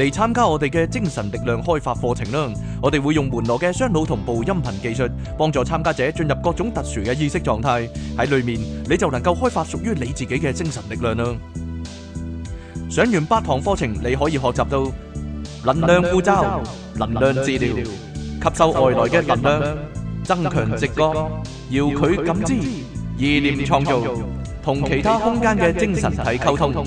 嚟參加我哋嘅精神力量開發課程啦！我哋會用門羅嘅雙腦同步音頻技術，幫助參加者進入各種特殊嘅意識狀態。喺裡面你就能夠開發屬於你自己嘅精神力量啦！上完八堂課程，你可以學習到能量護罩、能量治療、吸收外來嘅能量、增強直覺、遙距感知、意念創造、同其他空間嘅精神體溝通。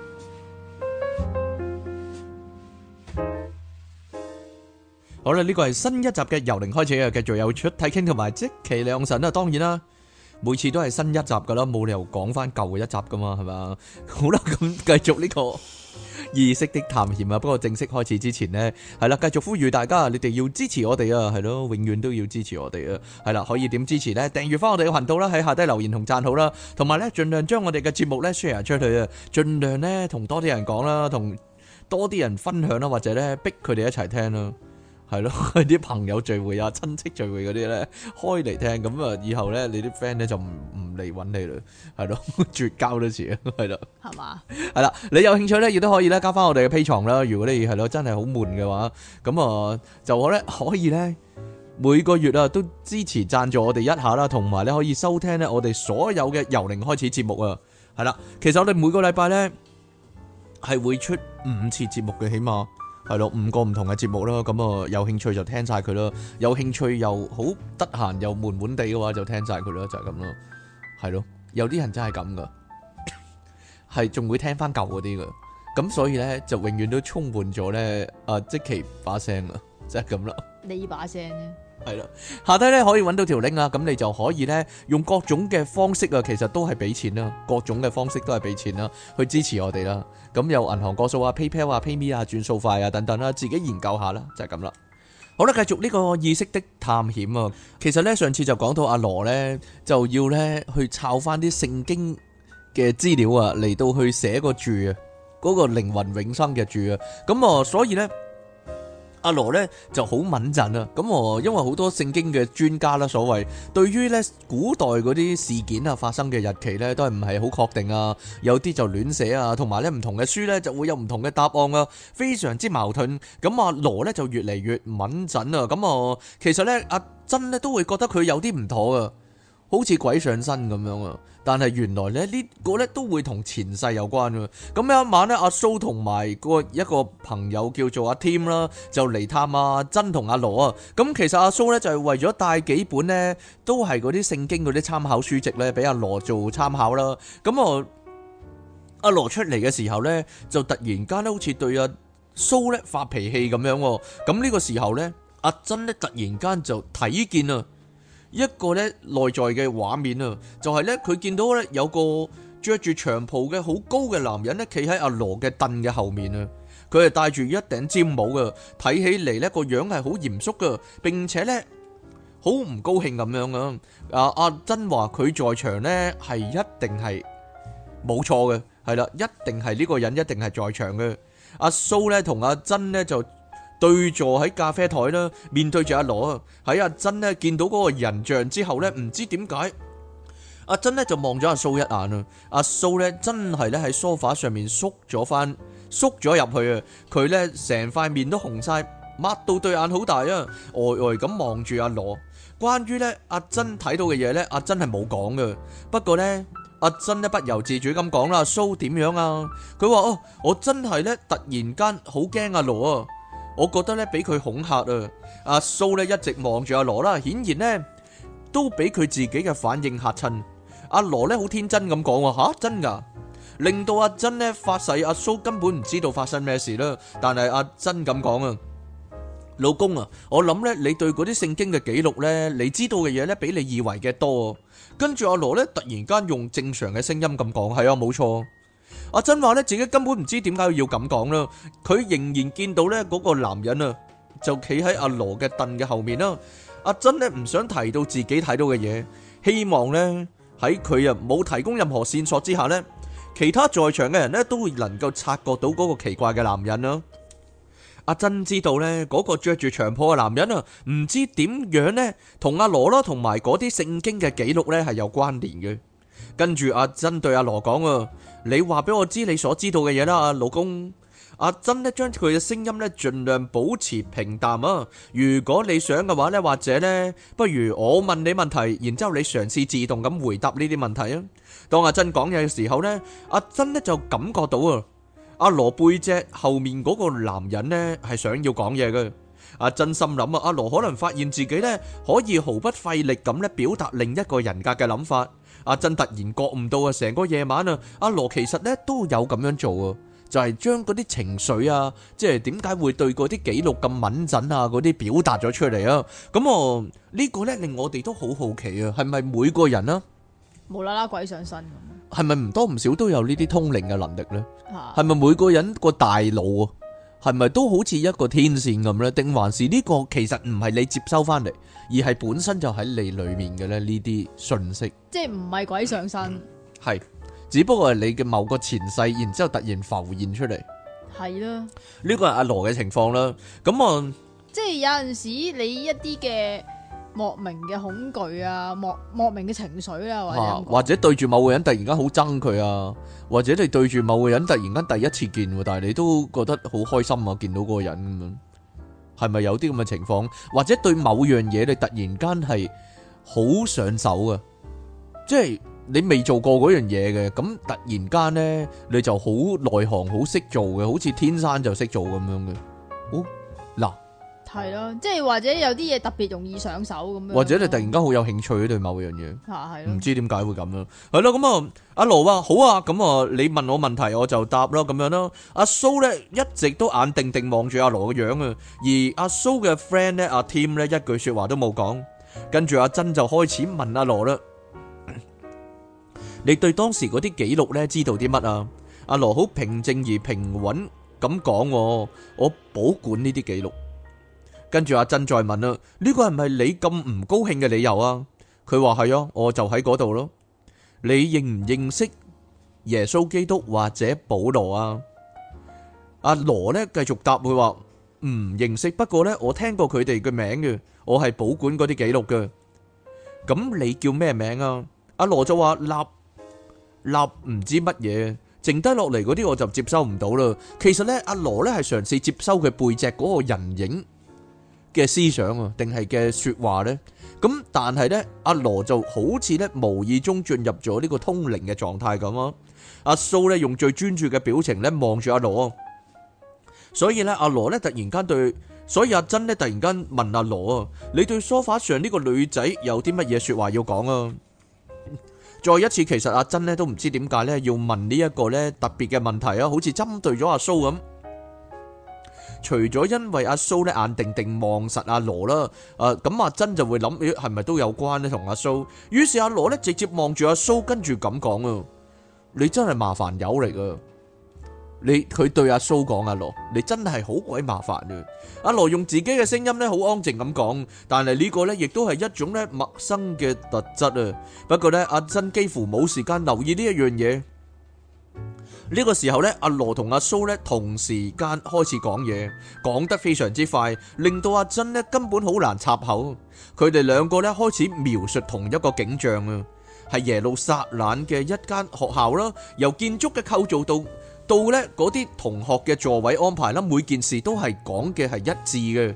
好啦，呢、這個係新一集嘅由零開始啊，繼續有出體傾同埋即其兩神啊。當然啦，每次都係新一集噶啦，冇理由講翻舊嘅一集噶嘛，係咪啊？好啦，咁、嗯、繼續呢、這個意識的探險啊。不過正式開始之前呢，係啦，繼續呼籲大家你哋要支持我哋啊，係咯，永遠都要支持我哋啊。係啦，可以點支持呢？訂閱翻我哋嘅頻道啦，喺下低留言同贊好啦，同埋呢，盡量將我哋嘅節目呢 share 出去啊，盡量呢，同多啲人講啦，同多啲人分享啦，或者呢，逼佢哋一齊聽啦。係咯，啲 朋友聚會啊，親戚聚會嗰啲咧，開嚟聽咁啊，以後咧你啲 friend 咧就唔唔嚟揾你啦，係咯，絕交都似啊，係咯，係嘛吧，係啦， 你有興趣咧亦都可以咧加翻我哋嘅 Patreon 啦，如果你係咯真係好悶嘅話，咁啊就我咧可以咧每個月啊都支持贊助我哋一下啦，同埋咧可以收聽咧我哋所有嘅由零開始節目啊，係啦，其實我哋每個禮拜咧係會出五次節目嘅，起碼。係咯，五個唔同嘅節目咯，咁、嗯、啊有興趣就聽晒佢咯，有興趣又好得閒又悶悶地嘅話就聽晒佢咯，就係咁咯，係咯，有啲人真係咁噶，係 仲會聽翻舊嗰啲嘅。咁、嗯、所以咧就永遠都充滿咗咧，誒、呃、即奇把聲啦，即係咁啦。你把聲啫。係啦、嗯，下低咧可以揾到條 link 啊，咁你就可以咧用各種嘅方式啊，其實都係俾錢啦，各種嘅方式都係俾錢啦，去支持我哋啦。咁有銀行個數啊、PayPal 啊、PayMe 啊、轉數快啊等等啦，自己研究下啦，就係咁啦。好啦，繼續呢個意識的探險啊，其實咧上次就講到阿羅咧就要咧去抄翻啲聖經嘅資料啊，嚟到去寫個註啊，嗰、那個靈魂永生嘅註啊，咁啊，所以咧。阿羅咧就好穩陣啊，咁、嗯、我因為好多聖經嘅專家啦，所謂對於咧古代嗰啲事件啊發生嘅日期咧都係唔係好確定啊，有啲就亂寫啊，同埋咧唔同嘅書咧就會有唔同嘅答案啊，非常之矛盾。咁、嗯、阿羅咧就越嚟越穩陣啊，咁、嗯、我其實咧阿珍咧都會覺得佢有啲唔妥啊，好似鬼上身咁樣啊。但係原來咧呢、呢個咧都會同前世有關嘅。咁、嗯、有一晚咧，阿蘇同埋個一個朋友叫做阿 Team 啦，就嚟探阿珍同阿羅啊。咁、嗯、其實阿蘇咧就係、是、為咗帶幾本呢都係嗰啲聖經嗰啲參考書籍咧，俾阿羅做參考啦。咁、嗯、啊，阿、啊、羅出嚟嘅時候咧，就突然間咧好似對阿蘇咧發脾氣咁樣。咁、嗯、呢、呢個時候咧，阿珍咧突然間就睇見啊。一個咧內在嘅畫面啊，就係咧佢見到咧有個着住長袍嘅好高嘅男人咧，企喺阿羅嘅凳嘅後面啊。佢係戴住一頂尖帽嘅，睇起嚟咧個樣係好嚴肅嘅，並且咧好唔高興咁樣嘅。阿阿珍話佢在場咧係一定係冇錯嘅，係啦，一定係呢個人一定係在場嘅。阿蘇咧同阿珍咧就。對坐喺咖啡台啦，面對住阿羅喺阿珍呢，見到嗰個人像之後呢，唔知點解阿珍呢就望咗阿蘇一眼啊。阿蘇呢真係呢喺梳化上面縮咗翻，縮咗入去啊。佢呢成塊面都紅晒，擘到對眼好大啊，呆呆咁望住阿羅。關於呢阿珍睇到嘅嘢呢，阿珍係冇講㗎。不過呢，阿珍呢不由自主咁講啦，蘇點樣啊？佢話哦，我真係呢突然間好驚阿羅啊。我覺得咧俾佢恐嚇啊！阿蘇咧一直望住阿羅啦，顯然咧都俾佢自己嘅反應嚇親。阿羅咧好天真咁講啊，吓真噶，令到阿珍咧發誓阿蘇根本唔知道發生咩事啦。但係阿珍咁講啊，老公啊，我諗咧你對嗰啲聖經嘅記錄咧，你知道嘅嘢，咧比你以為嘅多。跟住阿羅咧突然間用正常嘅聲音咁講，係啊冇錯。阿珍話咧，自己根本唔知點解要咁講啦。佢仍然見到咧嗰個男人啊，就企喺阿羅嘅凳嘅後面啦。阿珍咧唔想提到自己睇到嘅嘢，希望咧喺佢啊冇提供任何線索之下咧，其他在場嘅人咧都會能夠察覺到嗰個奇怪嘅男人啦。阿珍知道咧，嗰個着住長袍嘅男人啊，唔知點樣咧同阿羅啦，同埋嗰啲聖經嘅記錄咧係有關聯嘅。跟住阿珍對阿羅講啊，你話俾我知你所知道嘅嘢啦，阿老公。阿珍咧將佢嘅聲音咧盡量保持平淡啊。如果你想嘅話咧，或者咧，不如我問你問題，然之後你嘗試自動咁回答呢啲問題啊。當阿珍講嘢嘅時候咧，阿珍咧就感覺到啊，阿羅背脊後面嗰個男人咧係想要講嘢嘅。阿珍心諗啊，阿羅可能發現自己咧可以毫不費力咁咧表達另一個人格嘅諗法。阿珍突然覺唔到啊，成個夜晚啊，阿羅其實咧都有咁樣做啊，就係將嗰啲情緒啊，即係點解會對嗰啲記錄咁敏陣啊，嗰啲表達咗出嚟啊。咁啊，呢個咧令我哋都好好奇啊，係咪每個人啊，無啦啦鬼上身咁啊？係咪唔多唔少都有呢啲通靈嘅能力咧？係咪每個人個大腦啊？係咪都好似一個天線咁呢？定還是呢個其實唔係你接收翻嚟，而係本身就喺你裏面嘅咧？呢啲信息即係唔係鬼上身，係 只不過係你嘅某個前世，然之後突然浮現出嚟。係啦的，呢個係阿羅嘅情況啦。咁啊，即係有陣時你一啲嘅。莫名嘅恐懼啊，莫莫名嘅情緒啊，或者或者對住某個人突然間好憎佢啊，或者你對住某個人突然間第一次見，但係你都覺得好開心啊，見到嗰個人咁樣，係咪有啲咁嘅情況？或者對某樣嘢你突然間係好上手啊，即係你未做過嗰樣嘢嘅，咁突然間呢你就好內行，好識做嘅，好似天生就識做咁樣嘅，好嗱。係咯，即係或者有啲嘢特別容易上手咁樣，或者你突然間好有興趣對某樣嘢，係唔知點解會咁樣，係咯咁啊，阿羅啊，啊羅，好啊，咁啊，你問我問題我就答咯，咁樣咯，阿、啊、蘇呢一直都眼定定望住阿羅嘅樣啊，而阿蘇嘅 friend 呢，阿、啊、Tim 呢一句說話都冇講，跟住阿珍就開始問阿羅啦，你對當時嗰啲記錄呢知道啲乜啊？阿羅好平靜而平穩咁講，我保管呢啲記錄。跟住阿珍再問啦，呢個係咪你咁唔高興嘅理由啊？佢話係啊，我就喺嗰度咯。你認唔認識耶穌基督或者保羅啊？阿羅呢繼續答佢話唔認識，不過呢我聽過佢哋嘅名嘅，我係保管嗰啲記錄嘅。咁你叫咩名啊？阿羅就話立立唔知乜嘢，剩低落嚟嗰啲我就接收唔到啦。其實呢，阿羅呢係嘗試接收佢背脊嗰個人影。嘅思想啊，定係嘅說話呢？咁但係呢，阿羅就好似呢，無意中進入咗呢個通靈嘅狀態咁啊。阿蘇呢，用最專注嘅表情呢望住阿羅，所以呢，阿羅呢突然間對，所以阿珍呢突然間問阿羅啊，你對梳化上呢個女仔有啲乜嘢說話要講啊？再一次，其實阿珍呢都唔知點解呢，要問呢一個呢特別嘅問題啊，好似針對咗阿蘇咁。除咗因為阿蘇咧，眼定定望實阿羅啦，誒、呃、咁阿珍就會諗，係、呃、咪都有關呢？同阿蘇？於是阿羅咧直接望住阿蘇，跟住咁講：「你真係麻煩友嚟噶！你佢對阿蘇講阿羅，你真係好鬼麻煩啊！」阿羅用自己嘅聲音咧，好安靜咁講，但係呢個咧亦都係一種咧陌生嘅特質啊。不過咧，阿珍幾乎冇時間留意呢一樣嘢。呢個時候咧，阿羅同阿蘇咧同時間開始講嘢，講得非常之快，令到阿珍咧根本好難插口。佢哋兩個咧開始描述同一個景象啊，係耶路撒冷嘅一間學校啦，由建築嘅構造到到咧嗰啲同學嘅座位安排啦，每件事都係講嘅係一致嘅。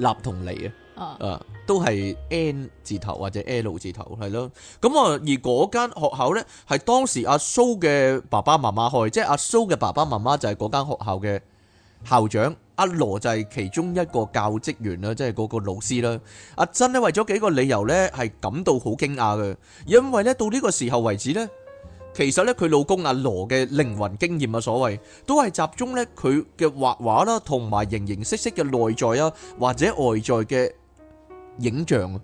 立同嚟啊，啊都係 N 字頭或者 L 字頭係咯，咁啊而嗰間學校呢，係當時阿蘇嘅爸爸媽媽去，即係阿蘇嘅爸爸媽媽就係嗰間學校嘅校長，阿羅就係其中一個教職員啦，即係嗰個老師啦，阿、啊、珍呢為咗幾個理由呢，係感到好驚訝嘅，因為呢，到呢個時候為止呢。其實咧，佢老公阿羅嘅靈魂經驗啊，所謂都係集中咧佢嘅畫畫啦，同埋形形色色嘅內在啊或者外在嘅影像。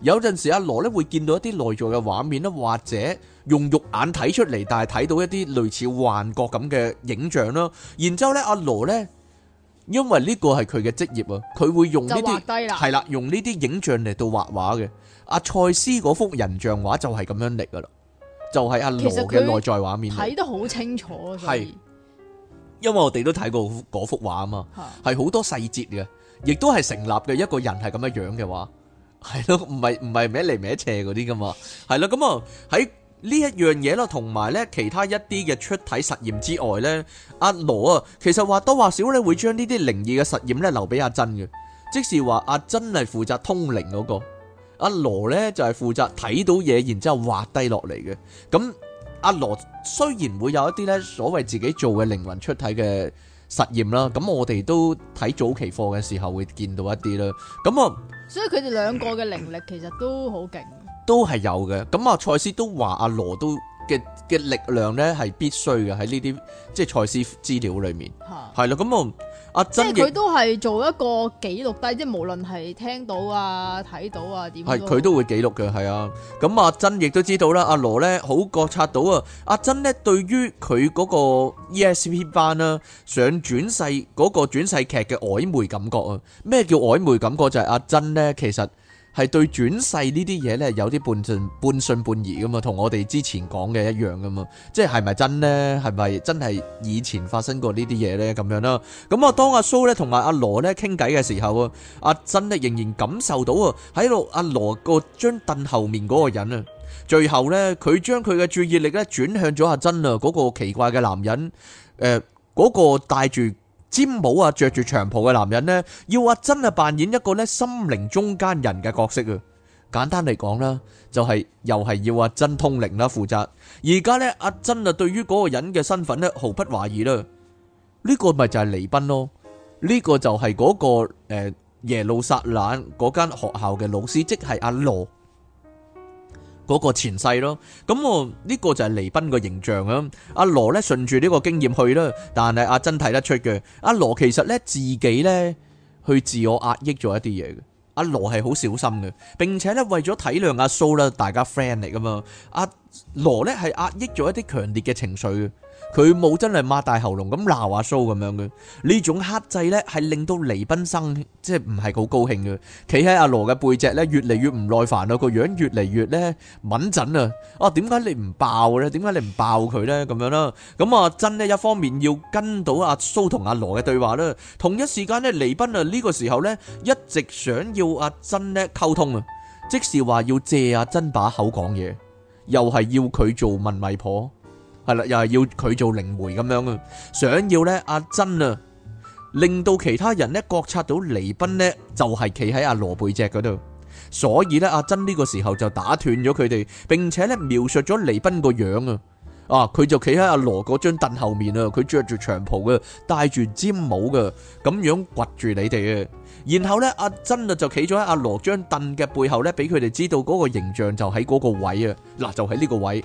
有陣時阿羅咧會見到一啲內在嘅畫面啦，或者用肉眼睇出嚟，但係睇到一啲類似幻覺咁嘅影像啦。然之後咧，阿羅咧因為呢個係佢嘅職業啊，佢會用呢啲係啦，用呢啲影像嚟到畫畫嘅。阿賽斯嗰幅人像畫就係咁樣嚟噶啦。就係阿羅嘅內在畫面，睇得好清楚、啊。係，因為我哋都睇過嗰幅畫啊嘛，係好、啊、多細節嘅，亦都係成立嘅。一個人係咁樣樣嘅話，係咯，唔係唔係歪嚟歪，歪斜嗰啲噶嘛，係啦。咁啊喺呢一樣嘢啦，同埋咧其他一啲嘅出體實驗之外咧，阿羅啊，其實話多話少咧，會將呢啲靈異嘅實驗咧留俾阿珍嘅，即是話阿珍係負責通靈嗰、那個。阿羅咧就係、是、負責睇到嘢，然之後畫低落嚟嘅。咁阿羅雖然會有一啲咧所謂自己做嘅靈魂出體嘅實驗啦，咁、嗯、我哋都睇早期課嘅時候會見到一啲啦。咁、嗯、啊，所以佢哋兩個嘅靈力其實都好勁、嗯，都係有嘅。咁、嗯、啊，賽斯都話阿羅都嘅嘅力量咧係必須嘅，喺呢啲即係賽斯資料裏面係，係咯。咁啊。阿珍即係佢都係做一個記錄低，即係無論係聽到啊、睇到啊點，係佢都，都會記錄嘅，係啊。咁、嗯、阿珍亦都知道啦，阿羅咧好覺察到啊，阿珍咧對於佢嗰個 ESP 班啊，想轉世嗰個轉世劇嘅曖昧感覺啊，咩叫曖昧感覺就係、是、阿珍咧，其實。係對轉世呢啲嘢呢，有啲半信半信半疑噶嘛，同我哋之前講嘅一樣噶嘛，即係係咪真呢？係咪真係以前發生過呢啲嘢呢？咁樣啦。咁啊，當阿蘇呢同埋阿羅呢傾偈嘅時候啊，阿珍呢仍然感受到啊喺度阿羅個張凳後面嗰個人啊。最後呢，佢將佢嘅注意力呢轉向咗阿珍啊，嗰個奇怪嘅男人，誒、呃，嗰、嗰個戴住。尖帽啊，着住長袍嘅男人呢，要阿珍啊扮演一個呢心靈中間人嘅角色啊。簡單嚟講啦，就係、是、又係要阿珍通靈啦，負責。而家呢，阿珍啊對於嗰個人嘅身份呢，毫不懷疑啦。呢、這個咪就係黎斌咯，呢、這個就係嗰、那個誒、呃、耶路撒冷嗰間學校嘅老師，即係阿羅。嗰個前世咯，咁我呢、呢個就係離賓個形象啊呢！阿羅咧順住呢個經驗去啦，但係阿珍睇得出嘅，阿、啊、羅其實咧自己咧去自我壓抑咗一啲嘢嘅。阿、啊、羅係好小心嘅，並且咧為咗體諒阿蘇咧，大家 friend 嚟噶嘛，阿、啊、羅咧係壓抑咗一啲強烈嘅情緒。佢冇真係擘大喉嚨咁鬧阿蘇咁樣嘅，呢種克制咧，係令到黎斌生即係唔係好高興嘅。企喺阿羅嘅背脊咧，越嚟越唔耐煩啦，個樣越嚟越咧敏準啊！啊，點解你唔爆咧？點解你唔爆佢咧？咁樣啦，咁啊，珍咧一方面要跟到阿蘇同阿羅嘅對話啦。同一時間咧，黎斌啊呢個時候咧一直想要阿珍咧溝通啊，即係話要借阿珍把口講嘢，又係要佢做問米婆。係啦，又係要佢做靈媒咁樣啊！想要咧，阿珍啊，令到其他人咧覺察到黎賓咧就係企喺阿羅背脊嗰度，所以咧阿珍呢個時候就打斷咗佢哋，並且咧描述咗黎賓個樣啊！啊，佢就企喺阿羅嗰張凳後面啊，佢着住長袍嘅，戴住尖帽嘅，咁樣掘住你哋啊！然後咧阿珍啊就企咗喺阿羅張凳嘅背後咧，俾佢哋知道嗰個形象就喺嗰個位啊，嗱就喺呢個位。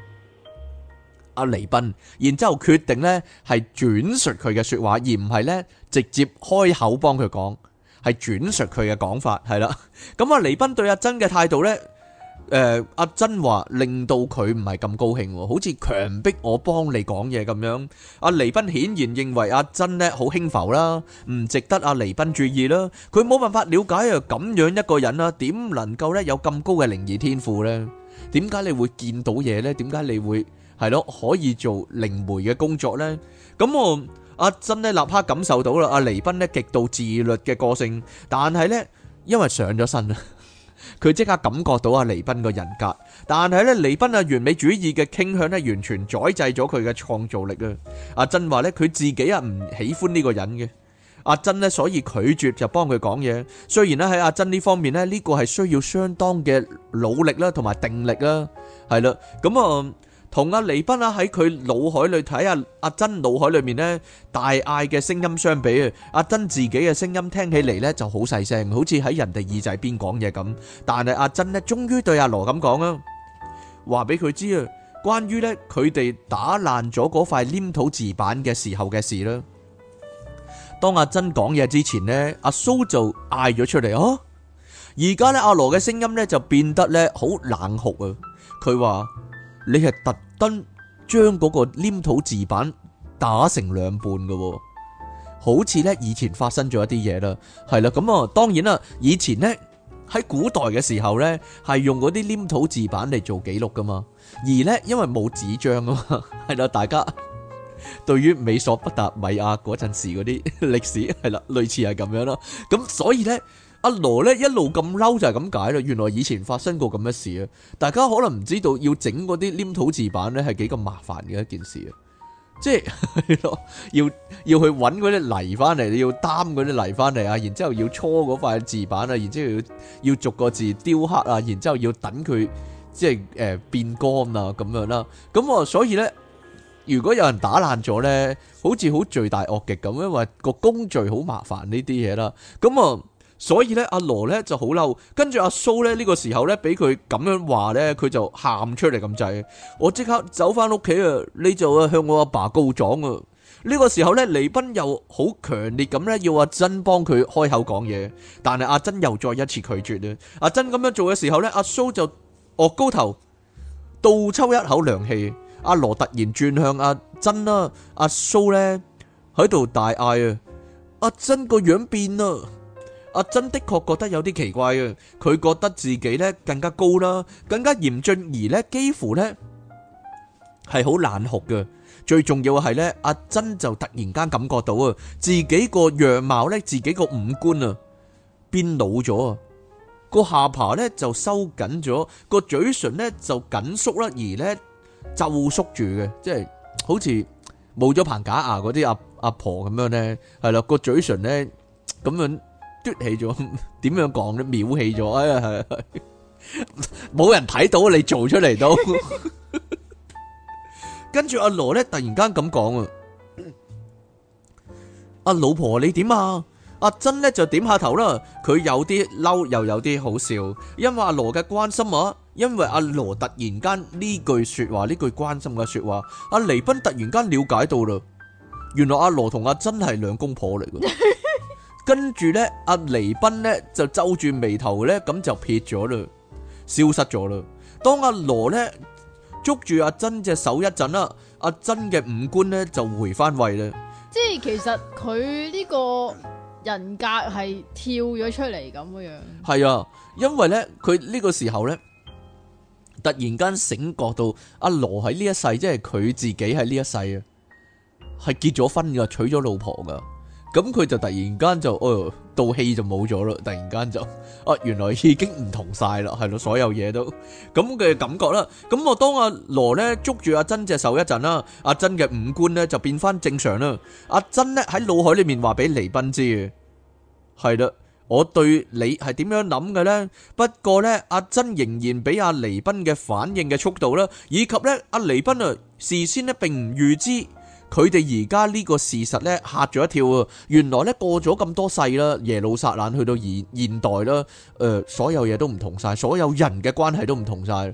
阿黎賓，然之後決定呢係轉述佢嘅說話，而唔係呢直接開口幫佢講，係轉述佢嘅講法，係啦。咁阿黎賓對阿珍嘅態度呢，誒，阿珍話令到佢唔係咁高興，好似強迫我幫你講嘢咁樣。阿黎賓顯然認為阿珍呢好輕浮啦，唔值得阿黎賓注意啦。佢冇辦法了解啊，咁樣一個人啦，點能夠呢有咁高嘅靈異天賦呢？點解你會見到嘢呢？點解你會？係咯，可以做靈媒嘅工作呢。咁我阿珍呢，立刻感受到啦，阿黎賓呢，極度自律嘅個性，但係呢，因為上咗身啊，佢 即刻感覺到阿、啊、黎賓個人格。但係呢，黎賓啊完美主義嘅傾向呢，完全宰制咗佢嘅創造力啊。阿珍話呢，佢自己啊唔喜歡呢個人嘅。阿、啊、珍呢，所以拒絕就幫佢講嘢。雖然呢，喺阿、啊、珍呢方面呢，呢、這個係需要相當嘅努力啦，同埋定力啦。係、嗯、啦，咁、嗯、啊。嗯嗯嗯嗯嗯嗯同阿黎賓啊喺佢腦海裏睇下，阿珍腦海裏面呢大嗌嘅聲音相比啊，阿珍自己嘅聲音聽起嚟呢，就好細聲，好似喺人哋耳仔邊講嘢咁。但係阿珍呢終於對阿羅咁講啊，話俾佢知啊，關於呢佢哋打爛咗嗰塊黏土字板嘅時候嘅事啦。當阿珍講嘢之前呢，阿蘇就嗌咗出嚟哦。而家呢，阿羅嘅聲音呢就變得呢好冷酷啊。佢話。你係特登將嗰個黏土字板打成兩半嘅喎。哦，好似咧以前發生咗一啲嘢啦，係啦，咁、嗯、啊當然啦，以前咧喺古代嘅時候咧，係用嗰啲黏土字板嚟做記錄噶嘛，而咧因為冇紙張啊嘛，係啦，大家對於美索不達米亞嗰陣時嗰啲歷史係啦，類似係咁樣咯，咁、嗯、所以咧。阿羅咧一路咁嬲就係咁解咯，原來以前發生過咁嘅事啊！大家可能唔知道要整嗰啲黏土字板咧係幾咁麻煩嘅一件事啊！即係咯， 要要去揾嗰啲泥翻嚟，你要擔嗰啲泥翻嚟啊，然之後要搓嗰塊字板啊，然之後要要逐個字雕刻啊，然之後要等佢即係誒、呃、變乾啊咁樣啦。咁啊，所以咧，如果有人打爛咗咧，好似好罪大惡極咁，因為個工序好麻煩呢啲嘢啦。咁啊～、嗯所以咧，阿羅咧就好嬲，跟住阿蘇咧呢個時候咧，俾佢咁樣話咧，佢就喊出嚟咁滯。我即刻走翻屋企啊！你就向我阿爸，爸告狀啊！呢、這個時候咧，黎斌又好強烈咁咧，要阿珍幫佢開口講嘢，但係阿珍又再一次拒絕啊！阿珍咁樣做嘅時候咧，阿蘇就哦高頭，倒抽一口涼氣。阿羅突然轉向阿珍啦，阿蘇咧喺度大嗌啊！阿珍個樣變啦～阿珍的確覺得有啲奇怪啊，佢覺得自己咧更加高啦，更加嚴峻而咧幾乎咧係好冷酷嘅。最重要係咧，阿珍就突然間感覺到啊，自己個樣貌咧，自己個五官啊變老咗啊，個下巴咧就收緊咗，個嘴唇咧就緊縮啦，而咧就縮住嘅，即係好似冇咗棚假牙嗰啲阿阿婆咁樣咧，係啦個嘴唇咧咁樣。嘟起咗，點樣講咧？秒起咗，哎呀，冇人睇到你做出嚟都。跟住阿羅咧，突然間咁講啊，阿老婆你點啊？阿珍咧就點下頭啦。佢有啲嬲，又有啲好笑，因為阿羅嘅關心啊。因為阿羅突然間呢句說話，呢句關心嘅說話，阿黎斌突然間了解到啦，原來阿羅同阿珍係兩公婆嚟。跟住咧，阿黎斌咧就皺住眉頭咧，咁就撇咗啦，消失咗啦。當阿羅咧捉住阿珍隻手一陣啦，阿珍嘅五官咧就回翻位啦。即係其實佢呢個人格係跳咗出嚟咁嘅樣。係啊，因為咧佢呢個時候咧突然間醒覺到阿羅喺呢一世，即係佢自己喺呢一世啊，係結咗婚噶，娶咗老婆噶。咁佢就突然間就哦，道氣就冇咗咯，突然間就哦，原來已經唔同曬啦，係咯，所有嘢,都咁嘅感覺啦。咁我當阿羅呢捉住阿珍隻手一陣啦，阿珍嘅五官呢就變翻正常啦。阿珍呢喺腦海裏面話俾黎賓知嘅，係啦，我對你係點樣諗嘅呢？不過呢，阿珍仍然俾阿黎賓嘅反應嘅速度啦，以及呢阿黎賓啊事先呢並唔預知。佢哋而家呢個事實呢嚇咗一跳啊！原來呢過咗咁多世啦，耶路撒冷去到現現代啦，誒所有嘢都唔同曬，所有人嘅關係都唔同曬。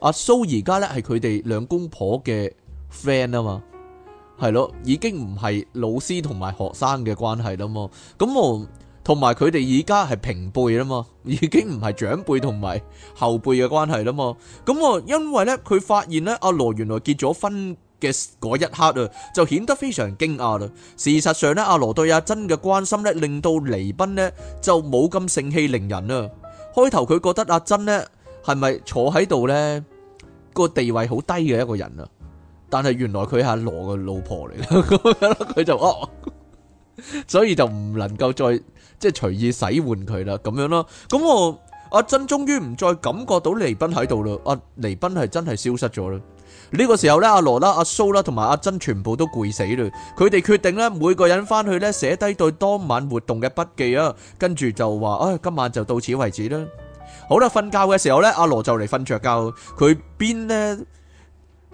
阿蘇而家呢係佢哋兩公婆嘅 friend 啊嘛，係咯，已經唔係老師同埋學生嘅關係啦嘛。咁我同埋佢哋而家係平輩啊嘛，已經唔係長輩同埋後輩嘅關係啦嘛。咁我因為呢佢發現呢阿羅原來結咗婚。嘅嗰一刻啊，就顯得非常驚訝啦。事實上咧，阿羅對阿珍嘅關心咧，令到黎賓咧就冇咁盛氣凌人啦、啊。開頭佢覺得阿珍咧係咪坐喺度咧個地位好低嘅一個人啊？但係原來佢係阿羅嘅老婆嚟啦，咁 佢就哦， 所以就唔能夠再即係隨意使喚佢啦，咁樣咯。咁我阿珍終於唔再感覺到黎賓喺度啦，阿黎賓係真係消失咗啦。呢個時候咧，阿羅啦、阿蘇啦同埋阿珍全部都攰死啦。佢哋決定咧，每個人翻去咧寫低對當晚活動嘅筆記啊。跟住就話：誒、哎，今晚就到此為止啦。好啦，瞓覺嘅時候咧，阿羅就嚟瞓着覺，佢邊咧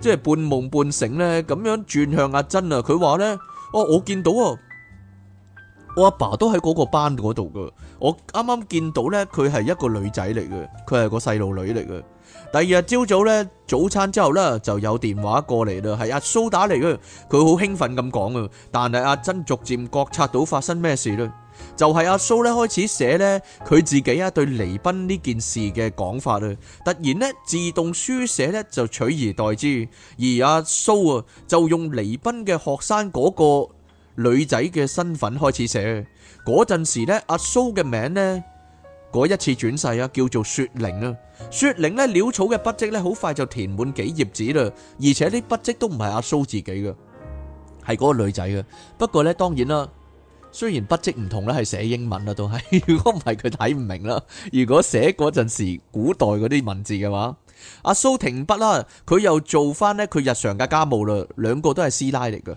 即係半夢半醒咧，咁樣轉向阿珍啊。佢話咧：哦，我見到啊，我阿爸，爸都喺嗰個班嗰度噶。我啱啱見到咧，佢係一個女仔嚟嘅，佢係個細路女嚟嘅。第二日朝早咧，早餐之後啦，就有電話過嚟啦，係阿蘇打嚟嘅，佢好興奮咁講啊，但係阿珍逐漸覺察到發生咩事啦，就係阿蘇咧開始寫咧佢自己啊對離賓呢件事嘅講法啦，突然咧自動書寫咧就取而代之，而阿蘇啊就用離賓嘅學生嗰個女仔嘅身份開始寫，嗰陣時咧阿蘇嘅名咧。嗰一次轉世啊，叫做雪靈啊，雪靈咧潦草嘅筆跡咧，好快就填滿幾頁紙啦，而且啲筆跡都唔係阿蘇自己嘅，係嗰個女仔嘅。不過咧，當然啦，雖然筆跡唔同啦，係寫英文啦，都係。如果唔係佢睇唔明啦。如果寫嗰陣時古代嗰啲文字嘅話，阿蘇停筆啦，佢又做翻咧佢日常嘅家務啦，兩個都係師奶嚟嘅，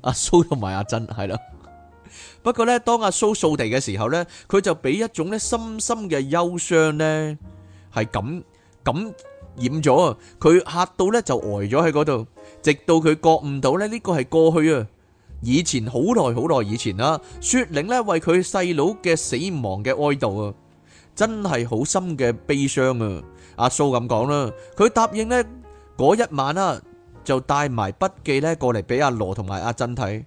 阿蘇同埋阿珍係啦。不過咧，當阿蘇掃地嘅時候咧，佢就俾一種咧深深嘅憂傷咧，係感感染咗，佢吓到咧就呆咗喺嗰度，直到佢覺悟到咧呢個係過去啊，以前好耐好耐以前啦，雪玲咧為佢細佬嘅死亡嘅哀悼啊，真係好深嘅悲傷啊，阿蘇咁講啦，佢答應咧嗰一晚啊就帶埋筆記咧過嚟，俾阿羅同埋阿珍睇。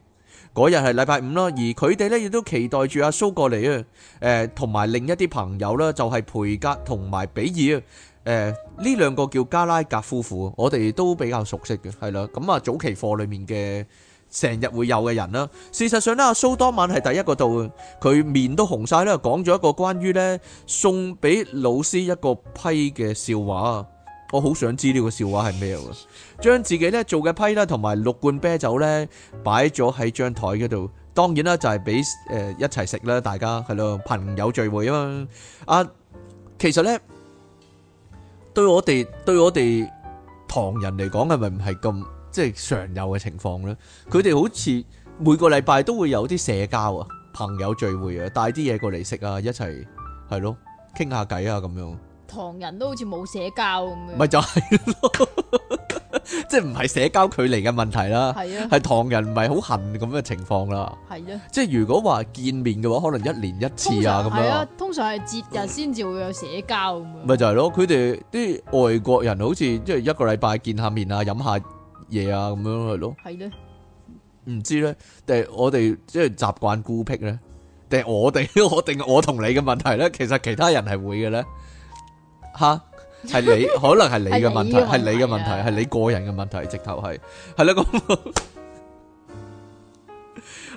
嗰日係禮拜五啦，而佢哋咧亦都期待住阿蘇過嚟啊。誒、呃，同埋另一啲朋友咧，就係培格同埋比爾誒，呢、呃、兩個叫加拉格夫婦，我哋都比較熟悉嘅係啦。咁啊、嗯，早期課裏面嘅成日會有嘅人啦。事實上呢，阿蘇當晚係第一個到，佢面都紅晒咧，講咗一個關於呢送俾老師一個批嘅笑話。我好想知呢個笑話係咩喎？將自己咧做嘅批啦，同埋六罐啤酒咧擺咗喺張枱嗰度。當然啦，就係俾誒一齊食啦，大家係咯朋友聚會啊嘛。啊，其實咧對我哋對我哋唐人嚟講係咪唔係咁即係常有嘅情況咧？佢哋好似每個禮拜都會有啲社交啊，朋友聚會啊，帶啲嘢過嚟食啊，一齊係咯傾下偈啊咁樣。唐人都好似冇社交咁樣，咪就係咯，即係唔係社交距離嘅問題啦。係啊，係唐人唔係好恨咁嘅情況啦。係啊，即係如果話見面嘅話，可能一年一次啊咁樣。係啊，通常係節日先至會有社交咁樣。咪就係咯，佢哋啲外國人好似即係一個禮拜見下面啊，飲下嘢啊咁樣係咯。係咧，唔知咧，定係我哋即係習慣孤僻咧，定係我哋，我定我同你嘅問題咧。其實其他人係會嘅咧。吓，係你可能係你嘅問題，係 你嘅問題，係你， 你個人嘅問題，直頭係係啦咁。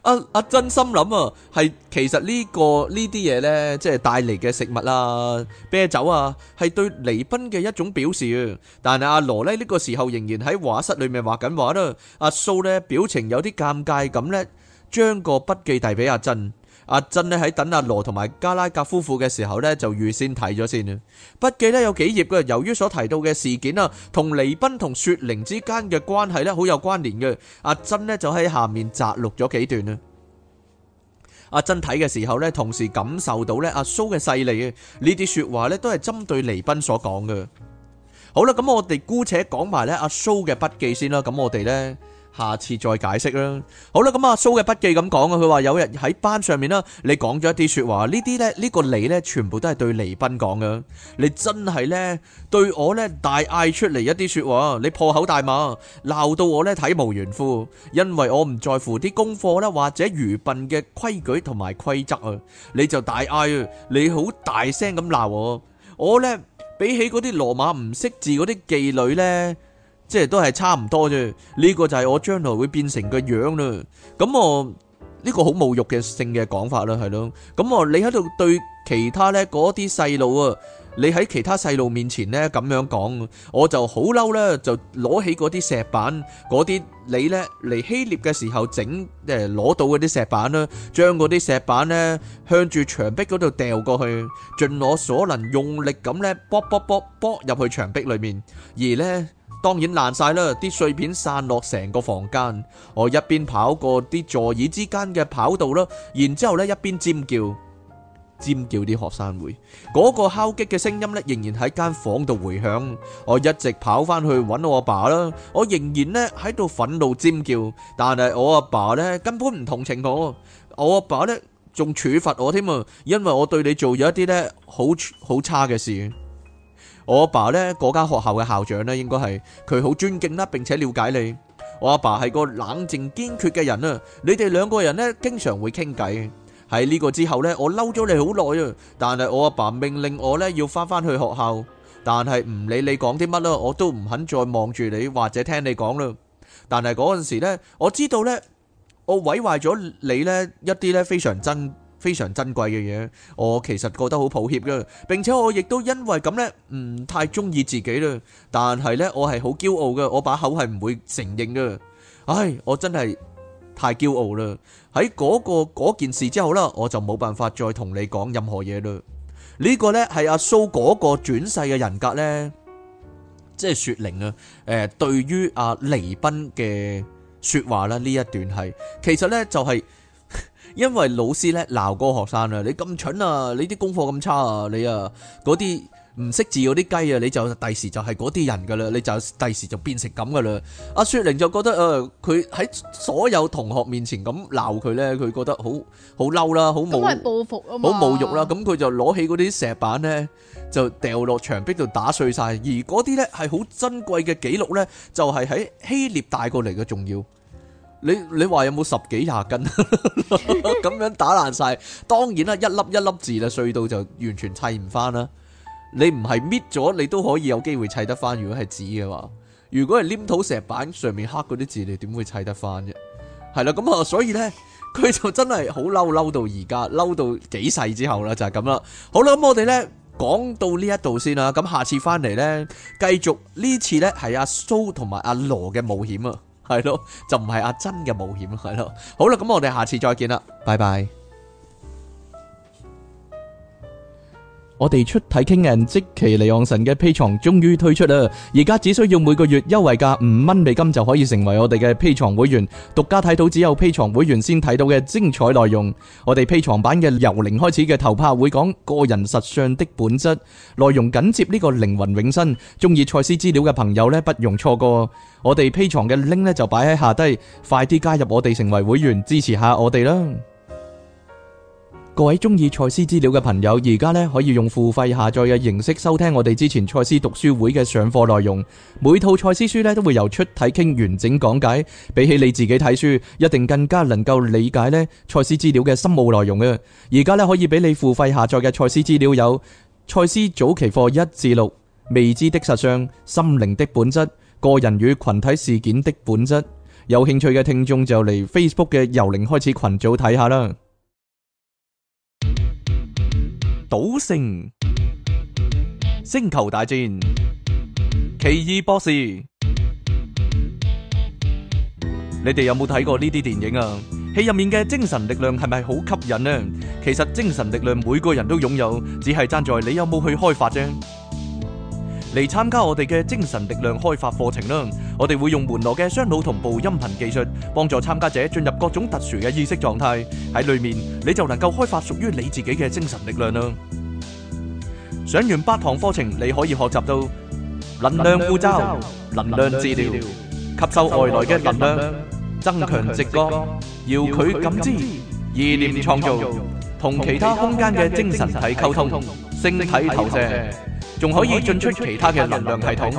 阿阿珍心諗啊，係其實呢個呢啲嘢呢，即係帶嚟嘅食物啊、啤酒啊，係對離賓嘅一種表示。但係阿羅呢，呢個時候仍然喺畫室裏面畫緊畫啦。阿、啊、蘇呢，表情有啲尷尬咁呢、啊，將個筆記遞畀阿珍。阿珍呢喺，等阿羅同埋加拉格夫婦嘅時候呢，就預先睇咗先筆記呢有幾頁嘅，由於所提到嘅事件啊，同黎賓同雪玲之間嘅關係呢，好有關聯嘅，阿珍呢，就喺下面摘錄咗幾段啊。阿珍睇嘅時候呢，同時感受到呢阿蘇嘅勢力啊，呢啲說話呢，都係針對黎賓所講嘅。好啦，咁我哋姑且講埋呢阿蘇嘅筆記先啦，咁我哋呢。下次再解釋啦。好啦，咁、嗯、阿蘇嘅筆記咁講啊，佢話有日喺班上面啦，你講咗一啲説話，呢啲咧呢個你呢，全部都係對離賓講嘅。你真係呢，對我呢，大嗌出嚟一啲説話，你破口大罵，鬧到我呢體無完膚，因為我唔在乎啲功課啦，或者愚笨嘅規矩同埋規則啊，你就大嗌啊，你好大聲咁鬧我，我呢，比起嗰啲羅馬唔識字嗰啲妓女呢。即係都係差唔多啫，呢個就係我將來會變成個樣啦。咁我呢個好侮辱嘅性嘅講法啦，係咯。咁我你喺度對其他咧嗰啲細路啊，你喺其他細路面前咧咁樣講，我就好嬲咧，就攞起嗰啲石板，嗰啲你咧嚟希臘嘅時候整誒攞到嗰啲石板啦，將嗰啲石板咧向住牆壁嗰度掉過去，盡我所能用力咁咧，卜卜卜卜入去牆壁裏面，而咧。當然爛晒啦，啲碎片散落成個房間。我一邊跑過啲座椅之間嘅跑道啦，然之後咧一邊尖叫，尖叫啲學生會。嗰個敲擊嘅聲音呢，仍然喺間房度回響。我一直跑翻去揾我阿爸啦，我仍然呢喺度憤怒尖叫。但係我阿爸呢，根本唔同情我，我阿爸呢，仲處罰我添啊，因為我對你做咗一啲呢好好差嘅事。我阿爸呢，嗰間學校嘅校長呢，應該係佢好尊敬啦，並且了解你。我阿爸係個冷靜堅決嘅人啊！你哋兩個人呢，經常會傾偈。喺呢個之後呢，我嬲咗你好耐啊！但係我阿爸命令我呢，要翻翻去學校，但係唔理你講啲乜啦，我都唔肯再望住你或者聽你講啦。但係嗰陣時呢，我知道呢，我毀壞咗你呢一啲呢非常真非常珍貴嘅嘢，我其實覺得好抱歉嘅，並且我亦都因為咁咧，唔太中意自己啦。但係咧，我係好驕傲嘅，我把口係唔會承認嘅。唉，我真係太驕傲啦！喺嗰個嗰件事之後啦，我就冇辦法再同你講任何嘢啦。呢個咧係阿蘇嗰個轉世嘅人格咧，即係雪玲啊。誒，對於阿黎賓嘅說話啦，呢一段係其實咧就係。 因為老師咧鬧嗰個學生啦、啊，你咁蠢啊，你啲功課咁差啊，你啊嗰啲唔識字嗰啲雞啊，你就第時就係嗰啲人噶啦，你就第時就變成咁噶啦。阿、啊、雪玲就覺得誒，佢，呃，喺所有同學面前咁鬧佢咧，佢覺得好好嬲啦，好冇，好侮辱啦。咁佢就攞起嗰啲石板咧，就掉落牆壁度打碎晒。而嗰啲咧係好珍貴嘅記錄咧，就係、是、喺希臘帶過嚟嘅重要。你你話有冇十幾廿斤咁 樣，打爛晒。當然啦，一粒一粒字啦，碎到就完全砌唔翻啦。你唔係搣咗，你都可以有機會砌得翻。如果係紙嘅話，如果係黏土石板上面刻嗰啲字，你點會砌得翻啫？係啦，咁啊，所以呢，佢就真係好嬲嬲到而家，嬲到幾世之後啦，就係咁啦。好啦，咁我哋呢講到呢一度先啦。咁下次翻嚟呢，繼續呢次呢係阿蘇同埋阿羅嘅冒險啊！係咯，就唔係阿珍嘅冒險咯，係 咯樂。好啦 expand，咁我哋下次再見啦，拜拜。我哋出體傾人即其利用神嘅披床終於推出啦，而家只需要每個月優惠價五蚊美金就可以成為我哋嘅披床會員，獨家睇到只有披床會員先睇到嘅精彩內容。我哋披床版嘅由零開始嘅頭炮會講個人實相的本質內容緊接呢個靈魂永生，中意賽斯資料嘅朋友呢，不容錯過。tutti puede plausible methods 我哋 Patreon 嘅 link 呢就擺喺下低，快啲加入我哋成為會員支持下我哋啦！各位中意賽斯資料嘅朋友，而家呢可以用付費下載嘅形式收聽我哋之前賽斯讀書會嘅上課內容。每套賽斯書呢，都會由出體傾完整講解，比起你自己睇書，一定更加能夠理解呢賽斯資料嘅深奧內容嘅。而家呢，可以俾你付費下載嘅賽斯資料有賽斯早期課一至六，《未知的實相》，《心靈的本質》。個人與群體事件的本質，有興趣嘅聽眾就嚟 Facebook 嘅由零開始群組睇下啦。賭聖、星球大戰、奇異博士，你哋有冇睇過呢啲電影啊？戲入面嘅精神力量係咪好吸引呢、啊？其實精神力量每個人都擁有，只係爭在你有冇去開發啫。嚟參加我哋嘅精神力量開發課程啦！我哋會用門羅嘅雙腦同步音頻技術，幫助參加者進入各種特殊嘅意識狀態。喺裡面你就能夠開發屬於你自己嘅精神力量啦！上完八堂課程，你可以學習到能量護罩、能量治療、吸收外來嘅能量、增強直覺、遙距感知、意念創造、同其他空間嘅精神體溝通。晶體頭像，仲可以進出其他嘅能量系統。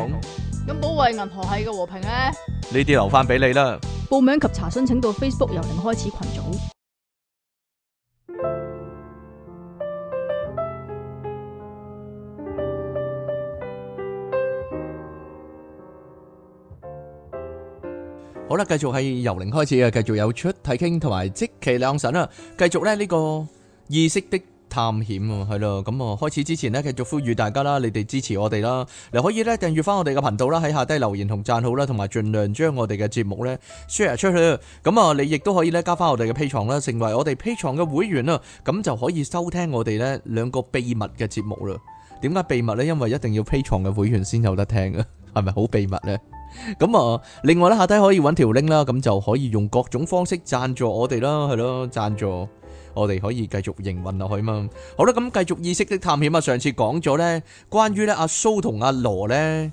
咁保衛銀河系嘅和平咧？呢啲留翻俾你啦。報名及查詢請到 Facebook 由零開始群組。好啦，繼續係由零開始啊！繼續有出體傾同埋即其兩神啊！繼續咧呢個意識的。探險啊，係咯、嗯，咁啊開始之前呢，繼續呼籲大家啦，你哋支持我哋啦，你可以呢訂閱翻我哋嘅頻道啦，喺下低留言同讚好啦，同埋盡量將我哋嘅節目呢 share 出去，咁、嗯、啊你亦都可以呢加翻我哋嘅 Patreon 啦，成為我哋 Patreon 嘅會員啊，咁就可以收聽我哋呢兩個秘密嘅節目啦。點解秘密呢？因為一定要 Patreon 嘅會員先有得聽啊，係咪好秘密呢？咁、嗯、啊，另外呢，下低可以揾條 link 啦，咁就可以用各種方式贊助我哋啦，係、嗯、咯，贊助。我哋可以繼續營運落去嘛？好啦，咁繼續意識的探險啊！上次講咗呢關於呢阿蘇同阿羅呢，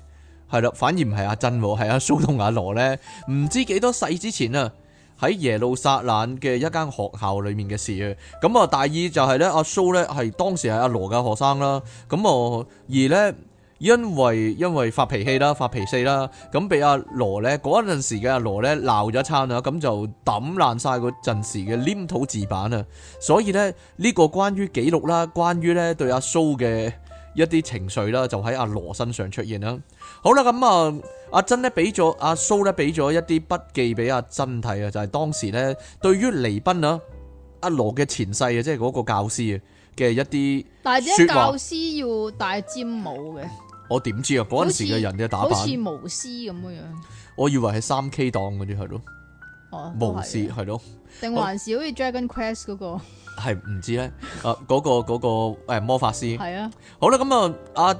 係啦，反而唔係阿真喎，係阿蘇同阿羅呢。唔知幾多世之前啊，喺耶路撒冷嘅一間學校裡面嘅事啊，咁啊，大意就係呢，阿蘇呢係當時係阿羅嘅學生啦，咁啊，而呢。因為因為發脾氣啦，發脾氣啦，咁俾阿羅咧嗰陣時嘅阿羅咧鬧咗一餐啊，咁就抌爛晒嗰陣時嘅黏土字板啊，所以咧呢個關於記錄啦，關於咧對阿蘇嘅一啲情緒啦，就喺阿羅身上出現啦。好啦，咁啊阿珍咧俾咗阿蘇咧俾咗一啲筆記俾阿珍睇啊，就係當時咧對於離賓啊阿羅嘅前世啊，即係嗰個教師嘅一啲，但係啲教師要戴尖帽嘅？主持一我點知啊？嗰陣時嘅人嘅打扮，好似巫師咁嘅樣。我以為係三 K 黨嗰啲係咯，巫師係咯，定還是好似 Dragon Quest 嗰、那個？係唔嘩知咧，誒，嗰、那個、那個誒、 啊，魔法師係、嗯、啊。好、啊、啦，咁啊，啊，阿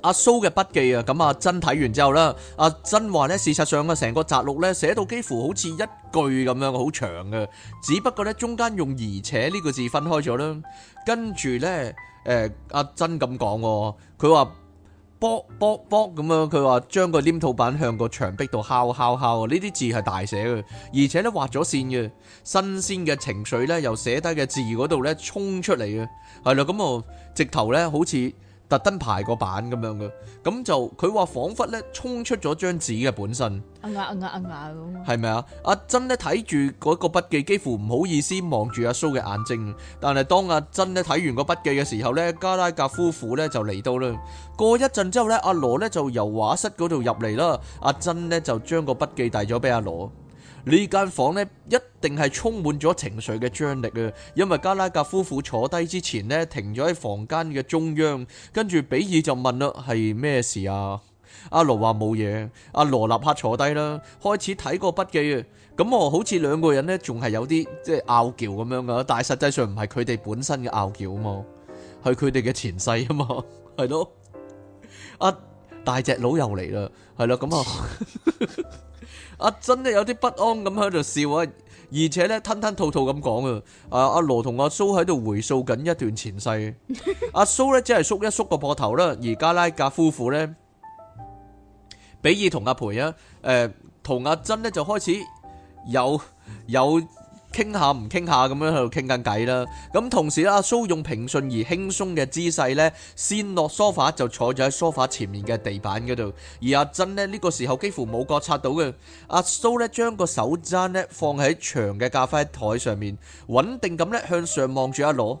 阿蘇嘅筆記啊，咁阿珍睇完之後啦，阿珍話咧，事實上啊，成個雜錄咧寫到幾乎好似一句咁樣，好長嘅，只不過咧中間用而且呢個字分開咗啦。跟住咧，誒、啊，阿珍咁講，佢話。啵啵啵咁啊！佢話將個黏土板向個牆壁度敲敲敲啊！呢啲字係大寫嘅，而且咧畫咗線嘅，新鮮嘅情緒咧由寫低嘅字度咧沖出嚟嘅，係啦，咁我直頭咧好似。特登排個版咁樣嘅，咁就佢話仿佛咧衝出咗張紙嘅本身。嗯，係咪啊？阿珍呢睇住嗰個筆記，幾乎唔好意思望住阿蘇嘅眼睛。但係當阿珍呢睇完個筆記嘅時候呢，加拉格夫婦呢就嚟到啦。過一陣之後呢，阿羅呢就由畫室嗰度入嚟啦。阿珍呢就將個筆記遞咗俾阿羅。呢間房咧一定係充滿咗情緒嘅張力啊！因為加拉格夫婦坐低之前咧停咗喺房間嘅中央，跟住比爾就問啦：係咩事啊？阿羅話冇嘢，阿羅立刻坐低啦，開始睇個筆記啊！咁我好似兩個人咧仲係有啲即係拗撬咁樣噶，但係實際上唔係佢哋本身嘅拗撬啊嘛，係佢哋嘅前世啊嘛，係咯？啊，大隻佬又嚟啦，係啦，咁啊～ 阿珍咧有啲不安咁喺度笑啊，而且咧吞吞吐吐咁講啊，阿阿羅同阿蘇喺度回溯緊一段前世，阿蘇咧只係縮一縮個膊頭啦，而加拉格夫婦咧，比爾同阿培啊，誒，同阿珍咧就開始有有。傾下唔傾下咁樣喺度傾緊偈啦，咁同時咧，阿蘇用平順而輕鬆嘅姿勢咧，先落梳化，就坐咗喺梳化前面嘅地板嗰度，而阿珍呢，呢個時候幾乎冇覺察到嘅，阿蘇咧將個手踭咧放喺長嘅咖啡台上面，穩定咁咧向上望住阿羅。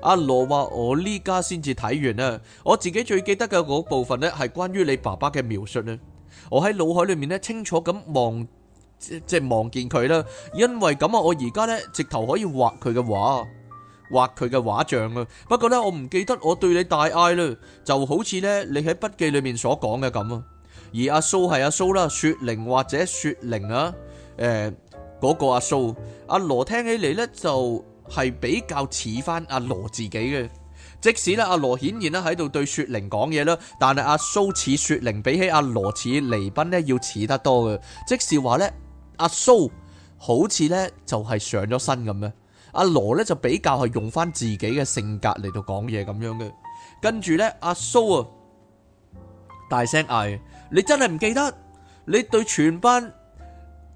阿羅話：我呢家先至睇完啊！我自己最記得嘅嗰部分呢，係關於你爸爸嘅描述啊！我喺腦海裏面呢，清楚咁望即係望見佢啦。因為咁啊，我而家呢，直頭可以畫佢嘅畫，畫佢嘅畫像啊！不過呢，我唔記得我對你大嗌啦，就好似呢，你喺筆記裏面所講嘅咁啊。而阿蘇係阿蘇啦，雪玲或者雪玲啊，誒嗰個阿蘇，阿羅聽起嚟呢，就。係比較似翻阿羅自己嘅，即使咧阿羅顯然咧喺度對雪玲講嘢啦，但係阿蘇似雪玲比起阿羅似黎賓呢，要似得多嘅，即是話呢，阿蘇好似呢，就係上咗身咁啊，阿羅呢，就比較係用翻自己嘅性格嚟到講嘢咁樣嘅，跟住呢，阿蘇啊大聲嗌：你真係唔記得你對全班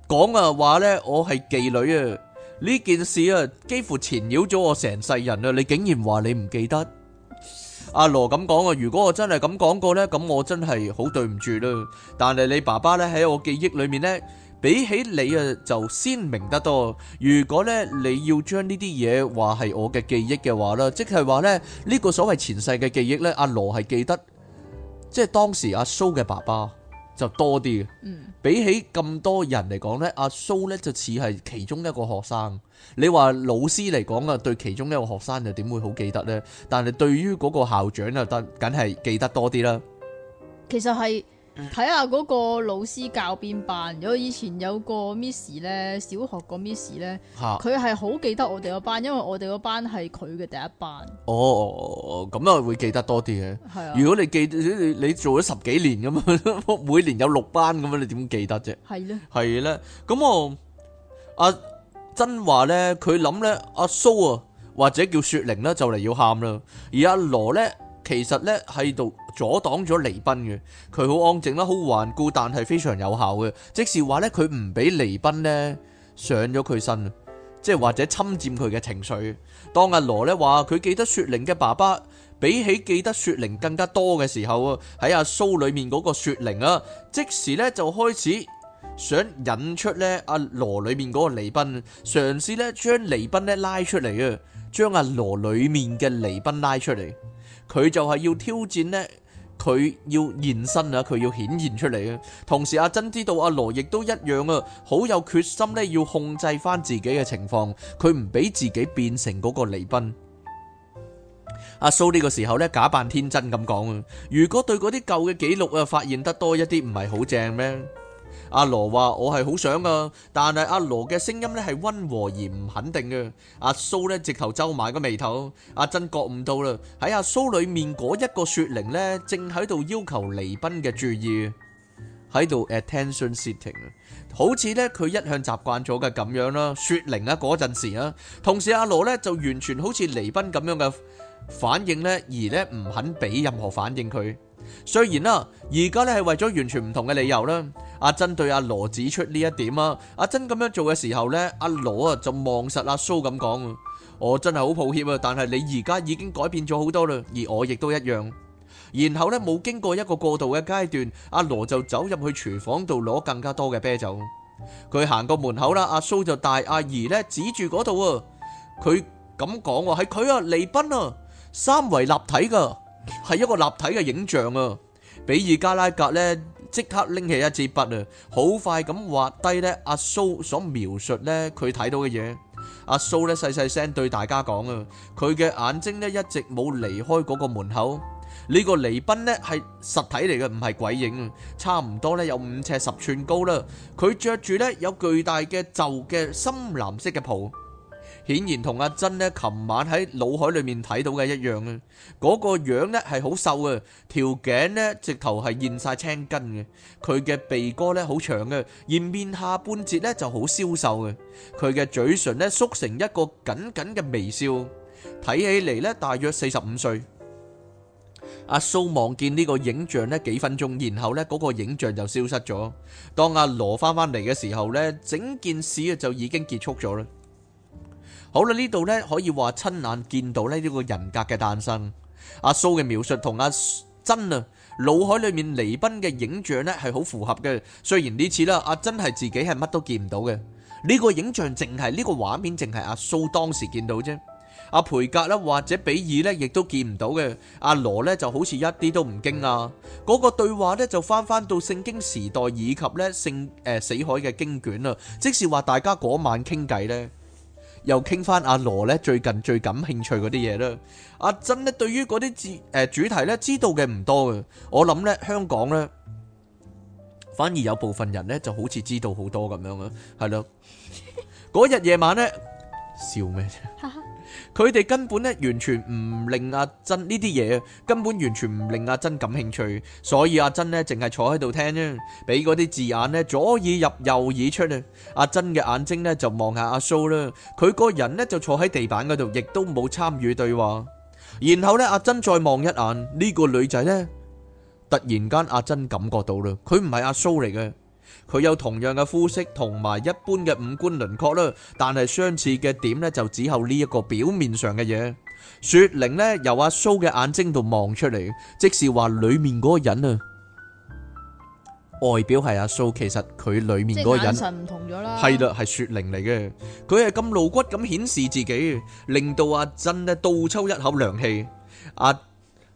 講啊話呢，我係妓女啊！呢件事啊，幾乎纏繞咗我成世人啊！你竟然話你唔記得？阿羅咁講啊，如果我真係咁講過呢，咁我真係好對唔住啦。但係你爸爸呢，喺我記憶裏面呢，比起你啊就鮮明得多。如果咧你要將呢啲嘢話係我嘅記憶嘅話咧，即係話呢，呢個所謂前世嘅記憶呢，阿羅係記得，即係當時阿蘇嘅爸爸就多啲嘅。嗯比起咁多人嚟講呢，阿蘇呢就似係其中一個學生。你話老師嚟講啊，對其中一個學生又點會好記得呢？但係對於嗰個校長就得，梗係記得多啲啦。其實係。睇下嗰個老師教邊班？如果以前有個 Miss 咧，小學個 Miss 咧，佢係好記得我哋個班，因為我哋個班係佢嘅第一班。哦，咁啊會記得多啲嘅。係啊，如果你記得你做咗十幾年咁樣，每年有六班咁樣，你點記得啫？係咧呢，係咧。咁我阿、啊、真華咧，佢諗咧，阿蘇啊，蘇啊或者叫雪玲咧，就嚟要喊啦。而阿羅咧，其實咧喺度。阻擋咗離賓嘅，佢好安靜啦，好頑固，但係非常有效嘅。即係話咧，佢唔俾離賓咧上咗佢身，即係或者侵佔佢嘅情緒。當阿羅咧話佢記得雪玲嘅爸爸，比起記得雪玲更加多嘅時候啊，喺阿蘇裏面嗰個雪玲啊，即時咧就開始想引出咧阿羅裏面嗰個離賓，嘗試咧將離賓咧拉出嚟啊，將阿羅裏面嘅離賓拉出嚟，佢就係要挑戰咧。佢要現身啊！佢要顯現出嚟啊！同時，阿珍知道阿羅亦都一樣啊，好有決心咧，要控制翻自己嘅情況，佢唔俾自己變成嗰個離賓。阿蘇呢個時候咧，假扮天真咁講啊，如果對嗰啲舊嘅紀錄啊，發現得多一啲，唔係好正咩？阿羅話：啊、羅我係好想噶，但係阿羅嘅聲音呢係温和而唔肯定嘅。阿、啊、蘇呢直頭皺埋個眉頭。阿、啊、珍覺唔到啦，喺阿蘇裏面嗰一個雪玲，呢正喺度要求尼賓嘅注意，喺度 attention seeking，好似呢佢一向習慣咗嘅咁樣啦。雪玲啊，嗰陣時啊，同時阿、啊、羅呢就完全好似尼賓咁樣嘅反應呢，而呢唔肯俾任何反應佢。雖然啦，而家咧係為咗完全唔同嘅理由啦。阿珍對阿羅指出呢一點啊，阿珍咁樣做嘅時候呢，阿羅啊就望實阿蘇咁講：，我真係好抱歉啊，但係你而家已經改變咗好多啦，而我亦都一樣。然後呢，冇經過一個過渡嘅階段，阿羅就走入去廚房度攞更加多嘅啤酒。佢行過門口啦，阿蘇就大嗌呢，指住嗰度，佢咁講：，係佢啊，利賓啊，三維立體噶。係一個立體嘅影像啊！比爾加拉格咧即刻拎起一支筆啊，好快咁畫低咧阿蘇所描述咧佢睇到嘅嘢。阿蘇咧細細聲對大家講啊，佢嘅眼睛咧一直冇離開嗰個門口。這個、呢個離賓咧係實體嚟嘅，唔係鬼影。差唔多咧有五尺十寸高啦。佢着住咧有巨大嘅袖嘅深藍色嘅袍。顯然同阿珍咧，琴晚喺腦海裏面睇到嘅一樣啊！嗰個樣咧係好瘦嘅，條頸咧直頭係現晒青筋嘅，佢嘅鼻哥咧好長嘅，而面下半截咧就好消瘦嘅，佢嘅嘴唇咧縮成一個緊緊嘅微笑，睇起嚟咧大約四十五歲。阿蘇望見呢個影像咧幾分鐘，然後咧嗰個影像就消失咗。當阿羅翻翻嚟嘅時候咧，整件事就已經結束咗啦。好啦，呢度呢可以話親眼見到呢呢個人格嘅誕生。阿蘇嘅描述同阿珍啊，腦、啊、海裏面離賓嘅影像呢係好符合嘅。雖然呢次啦、啊，阿珍係自己係乜都見唔到嘅。呢、呢個影像淨係呢個畫面淨係阿蘇當時見到啫。阿、啊、培格啦或者比爾呢，亦都見唔到嘅。阿羅呢，就好似一啲都唔驚啊。嗰、嗯、個對話呢，就翻翻到聖經時代以及呢聖誒死海嘅經卷啊，即是話大家嗰晚傾偈呢。又傾翻阿羅咧最近最感興趣嗰啲嘢啦，阿珍咧對於嗰啲知誒主題咧知道嘅唔多嘅，我諗咧香港咧反而有部分人咧就好似知道好多咁樣咯，係咯，嗰日夜晚咧笑咩啫？佢哋根本咧完全唔令阿珍呢啲嘢，根本完全唔令阿珍感興趣，所以阿珍呢，淨係坐喺度聽啫，俾嗰啲字眼呢，左耳入右耳出啊。阿珍嘅眼睛呢，就望下阿蘇啦，佢個人呢，就坐喺地板嗰度，亦都冇參與對話。然後呢，阿珍再望一眼呢，這個女仔呢，突然間阿珍感覺到啦，佢唔係阿蘇嚟嘅。佢有同樣嘅膚色同埋一般嘅五官輪廓啦，但係相似嘅點呢，就只有呢一個表面上嘅嘢。雪玲呢由阿蘇嘅眼睛度望出嚟，即是話裏面嗰個人啊，外表係阿蘇，其實佢裏面嗰個人眼神唔同咗，係啦，係雪玲嚟嘅，佢係咁露骨咁顯示自己，令到阿珍呢倒抽一口涼氣，阿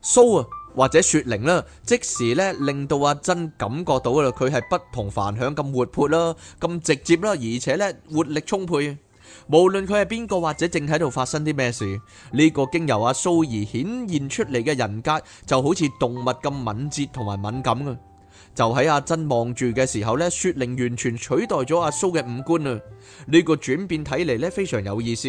蘇啊！或者雪玲啦，即時咧令到阿珍感覺到啦，佢係不同凡響咁活潑啦，咁直接啦，而且咧活力充沛。無論佢係邊個或者正喺度發生啲咩事，呢個經由阿蘇而顯現出嚟嘅人格，就好似動物咁敏捷同埋敏感啊，就喺阿珍望住嘅時候咧，雪玲完全取代咗阿蘇嘅五官啊！呢個轉變睇嚟咧非常有意思。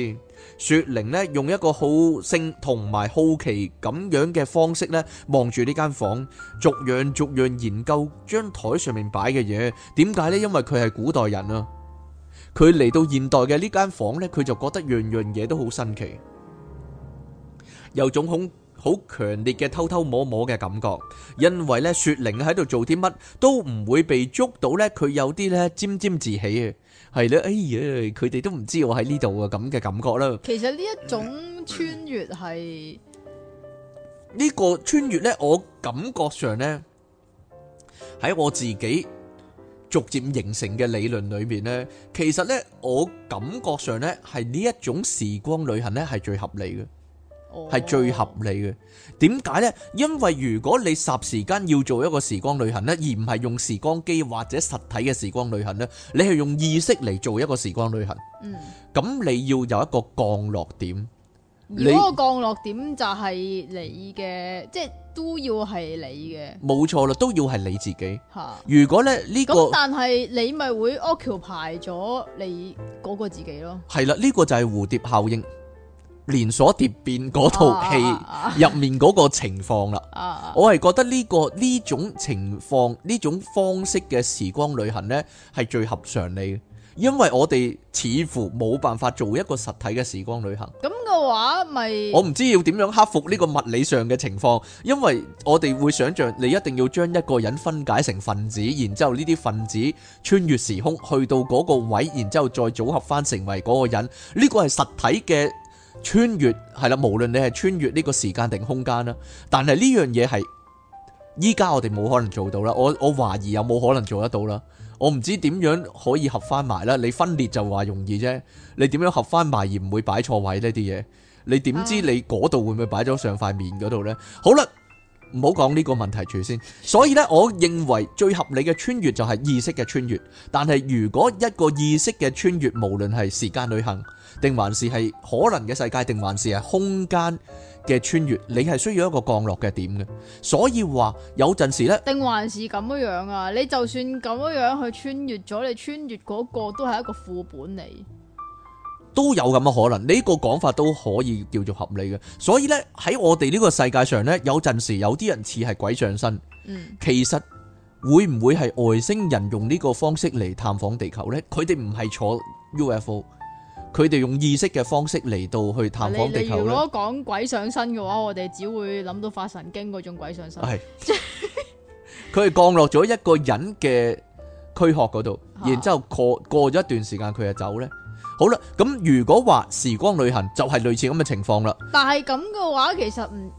雪玲呢用一個好興同埋好奇咁樣嘅方式呢，望住呢間房，逐樣逐樣研究，張枱上面擺嘅嘢。點解呢？因為佢係古代人啊，佢嚟到現代嘅呢間房呢，佢就覺得樣樣嘢都好新奇，有種好好強烈嘅偷偷摸摸嘅感覺。因為呢，雪玲喺度做啲乜都唔會被捉到呢，佢有啲呢沾沾自喜啊！係咧，哎呀，佢哋都唔知我喺呢度啊，咁嘅感覺啦。其實呢一種穿越，係呢個穿越呢，我感覺上呢喺我自己逐漸形成嘅理論裏面呢，其實呢我感覺上呢係呢一種時光旅行呢係最合理嘅。係最合理嘅。點解呢？因為如果你霎時間要做一個時光旅行咧，而唔係用時光機或者實體嘅時光旅行咧，你係用意識嚟做一個時光旅行。嗯，咁你要有一個降落點。如果個降落點就係你嘅，即你、就係、都要係你嘅。冇錯啦，都要係你自己。吓、啊，如果咧呢、呢個但係你咪會安排咗你嗰個自己咯？係啦，呢、呢個就係蝴蝶效應。連鎖蝶變嗰套戲入面嗰個情況啦，我係覺得呢個呢種情況呢種方式嘅時光旅行呢係最合常理嘅，因為我哋似乎冇辦法做一個實體嘅時光旅行。咁嘅話咪我唔知要點樣克服呢個物理上嘅情況，因為我哋會想象你一定要將一個人分解成分子，然之後呢啲分子穿越時空去到嗰個位，然之後再組合翻成為嗰個人。呢個係實體嘅。穿越係啦，無論你係穿越呢個時間定空間啦，但係呢樣嘢係依家我哋冇可能做到啦，我我懷疑有冇可能做得到啦，我唔知點樣可以合翻埋啦，你分裂就話容易啫，你點樣合翻埋而唔會擺錯位呢啲嘢，你點知你嗰度會唔會擺咗上塊面嗰度呢？好啦。唔好講呢個問題住先，所以呢，我認為最合理嘅穿越就係意識嘅穿越。但係如果一個意識嘅穿越，無論係時間旅行，定還是係可能嘅世界，定還是係空間嘅穿越，你係需要一個降落嘅點嘅。所以話有陣時呢，定還是咁樣啊？你就算咁樣去穿越咗，你穿越嗰個都係一個副本嚟。都有咁嘅可能，呢個講法都可以叫做合理嘅。所以咧，喺我哋呢個世界上咧，有陣時有啲人似係鬼上身。嗯，其實會唔會係外星人用呢個方式嚟探訪地球咧？佢哋唔係坐 UFO，佢哋用意識嘅方式嚟到去探訪地球咧。如果講鬼上身嘅話，我哋只會諗到發神經嗰種鬼上身。係，即係佢係降落咗一個人嘅軀殼嗰度，然之後過過咗一段時間佢就走咧。好啦，咁如果話時光旅行就係、是、類似咁嘅情況啦。但係咁嘅話，其實唔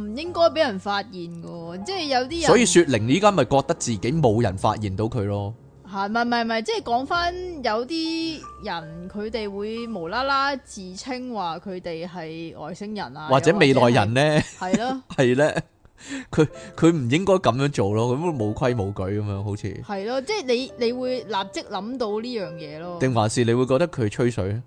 唔應該俾人發現噶，即係有啲人。所以雪玲，你依家咪覺得自己冇人發現到佢咯？係咪咪咪，即係講翻有啲人，佢哋會無啦啦自稱話佢哋係外星人啊，或者未來人呢？係咯、就是，係咧。 佢佢唔應該咁樣做咯，咁冇規冇矩咁樣，好似係咯，即係你你會立即諗到呢樣嘢咯，定還是你會覺得佢吹水，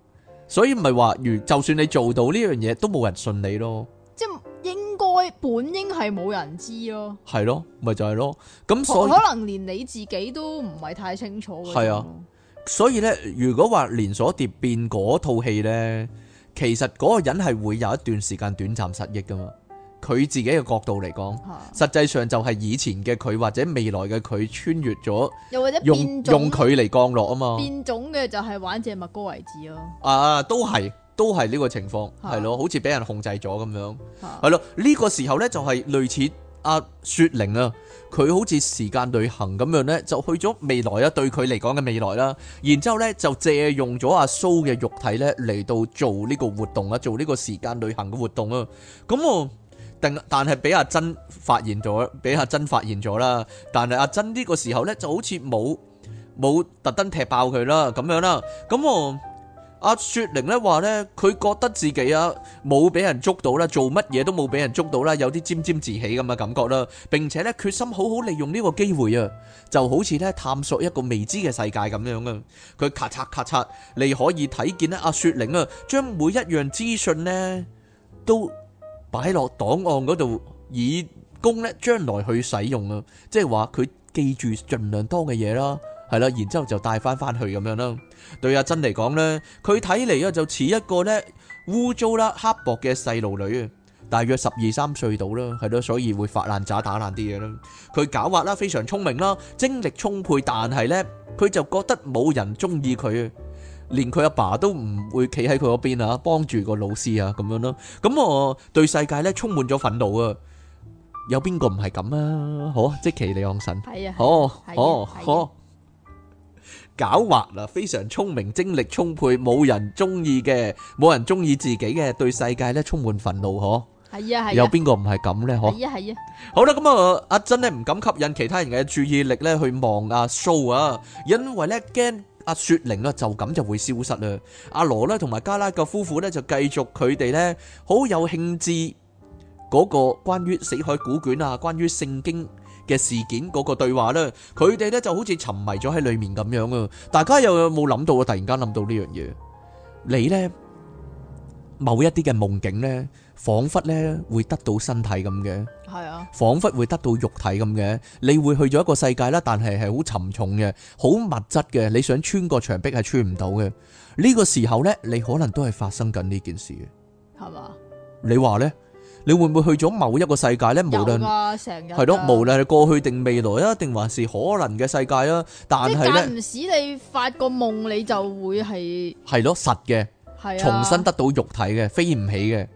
所以咪係話如就算你做到呢樣嘢，都冇人信你咯，即係應該本應係冇人知咯，係咯，咪就係咯，咁所以可能連你自己都唔係太清楚嘅，係啊，所以咧，如果話連鎖蝶變嗰套戲咧，其實嗰個人係會有一段時間短暫失憶噶嘛。佢自己嘅角度嚟講，實際上就係以前嘅佢或者未來嘅佢穿越咗，又或者用佢嚟降落啊嘛。變種嘅就係玩借物哥為主咯、啊。啊，都係都係呢個情況，係咯、啊，好似俾人控制咗咁樣，係咯、啊。呢、這個時候呢就係、是、類似阿雪玲啊，佢、啊、好似時間旅行咁樣呢，就去咗未來啊，對佢嚟講嘅未來啦。然之後呢，就借用咗阿、啊、蘇嘅肉體呢嚟到做呢個活動啊，做呢個時間旅行嘅活動啊。咁我。定但係俾阿珍發現咗，俾阿珍發現咗啦。但係阿珍呢個時候呢，就好似冇冇特登踢爆佢啦，咁樣啦。咁啊，阿雪玲呢話呢，佢覺得自己啊冇俾人捉到啦，做乜嘢都冇俾人捉到啦，有啲沾沾自喜咁嘅感覺啦。並且呢決心好好利用呢個機會啊，就好似呢探索一個未知嘅世界咁樣啊。佢咔嚓咔嚓，你可以睇見呢，阿雪玲啊，將每一樣資訊呢都。擺落檔案嗰度以供咧將來去使用啊！即係話佢記住盡量多嘅嘢啦，係啦，然之後就帶翻翻去咁樣啦。對阿珍嚟講呢，佢睇嚟啊就似一個呢污糟啦、刻薄嘅細路女啊，大約十二三歲到啦，係咯，所以會發爛渣打爛啲嘢啦，佢狡猾啦，非常聰明啦，精力充沛，但係呢，佢就覺得冇人中意佢啊。連佢阿爸都唔會企喺佢嗰邊啊，幫住個老師啊，咁樣咯。咁我對世界咧充滿咗憤怒啊！有邊個唔係咁啊？好，即奇利昂神，係啊，係，哦，哦，哦，狡猾啊，非常聰明，精力充沛，冇人中意嘅，冇人中意自己嘅，對世界咧充滿憤怒，嗬。係啊係。有邊個唔係咁咧？嗬。係啊係啊。好啦，咁啊，阿珍咧唔敢吸引其他人嘅注意力咧去望阿蘇啊，因為咧驚。阿雪玲啦，就咁就會消失啦。阿羅啦，同埋加拉格夫婦咧，就繼續佢哋咧，好有興致嗰個關於死海古卷啊，關於聖經嘅事件嗰個對話啦。佢哋咧就好似沉迷咗喺裏面咁樣啊。大家又有冇諗到啊？突然間諗到呢樣嘢，你咧某一啲嘅夢境咧。彷彿咧會得到身體咁嘅，係啊！彷彿會得到肉體咁嘅，你會去咗一個世界啦，但係係好沉重嘅，好物質嘅，你想穿過牆壁係穿唔到嘅。呢個時候咧，你可能都係發生緊呢件事嘅，係嘛？你話咧，你會唔會去咗某一個世界咧？無論係咯，無論係過去定未來啊，定還是可能嘅世界啊，但係咧，即係間唔時你發個夢，你就會係係咯實嘅，重新得到肉體嘅，飛唔起嘅。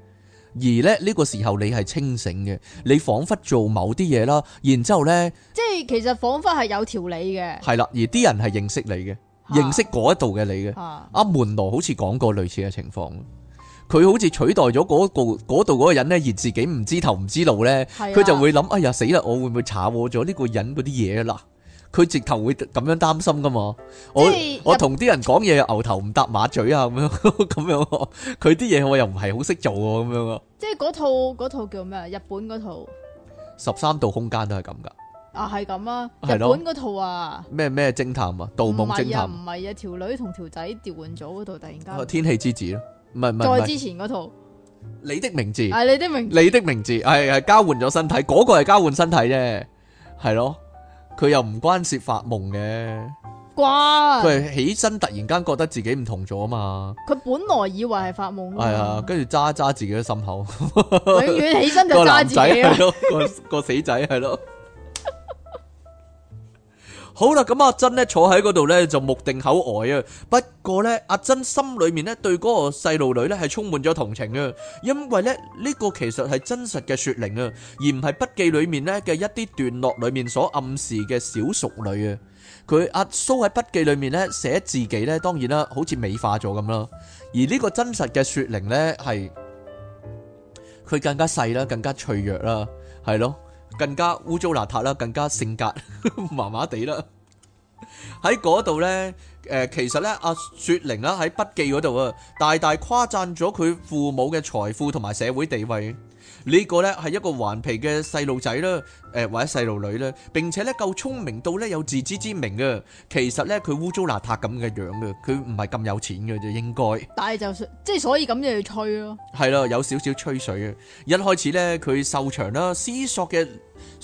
而咧呢、這個時候你係清醒嘅，你仿佛做某啲嘢啦，然之後呢，即係其實仿佛係有條理嘅。係啦，而啲人係認識你嘅，啊、認識嗰一度嘅你嘅。啊、阿門羅好似講過類似嘅情況，佢好似取代咗嗰度嗰度嗰個人咧，而自己唔知頭唔知路呢，佢就會諗：哎呀死啦，我會唔會查我咗呢個人嗰啲嘢啦？佢直頭會咁樣擔心噶嘛？我我同啲人講嘢又牛頭唔搭馬嘴啊，咁樣咁樣，佢啲嘢我又唔係好識做咁樣啊。即係嗰套嗰套叫咩？日本嗰套《十三度空間》都係咁噶。啊，係咁啊！日本嗰套啊，咩咩偵探啊？《盜夢偵探》唔係啊，條女同條仔調換咗嗰套，突然間。天氣之子咯，唔係唔係。再之前嗰套《你的名字》係《你的名》《你的名字》係，係交換咗身體，嗰個係交換身體啫，係咯。佢又唔關涉發夢嘅，關佢係起身突然間覺得自己唔同咗啊嘛！佢本來以為係發夢，係啊、哎，跟住揸揸自己嘅心口， 永遠起身就揸自己、啊、 個咯個，個死仔係咯。 好啦，咁阿珍咧坐喺嗰度咧就目定口呆啊。不過咧，阿珍心裏面咧對嗰個細路女咧係充滿咗同情啊。因為咧呢個其實係真實嘅雪靈啊，而唔係筆記裏面咧嘅一啲段落裏面所暗示嘅小熟女啊。佢阿蘇喺筆記裏面咧寫自己咧，當然啦，好似美化咗咁啦。而呢個真實嘅雪靈咧係佢更加細啦，更加脆弱啦，係咯。更加污糟邋遢啦，更加性格麻麻地啦。喺嗰度咧，誒，其實咧阿雪玲啦，喺筆記嗰度啊，大大誇讚咗佢父母嘅財富同埋社會地位。呢個咧係一個頑皮嘅細路仔啦，誒，或者細路女啦，並且咧夠聰明到咧有自知之明嘅。其實咧佢污糟邋遢咁嘅樣嘅，佢唔係咁有錢嘅啫，應該。但係就即係所以咁就要吹咯。係咯，有少少吹水啊。一開始咧佢瘦長啦，思索嘅。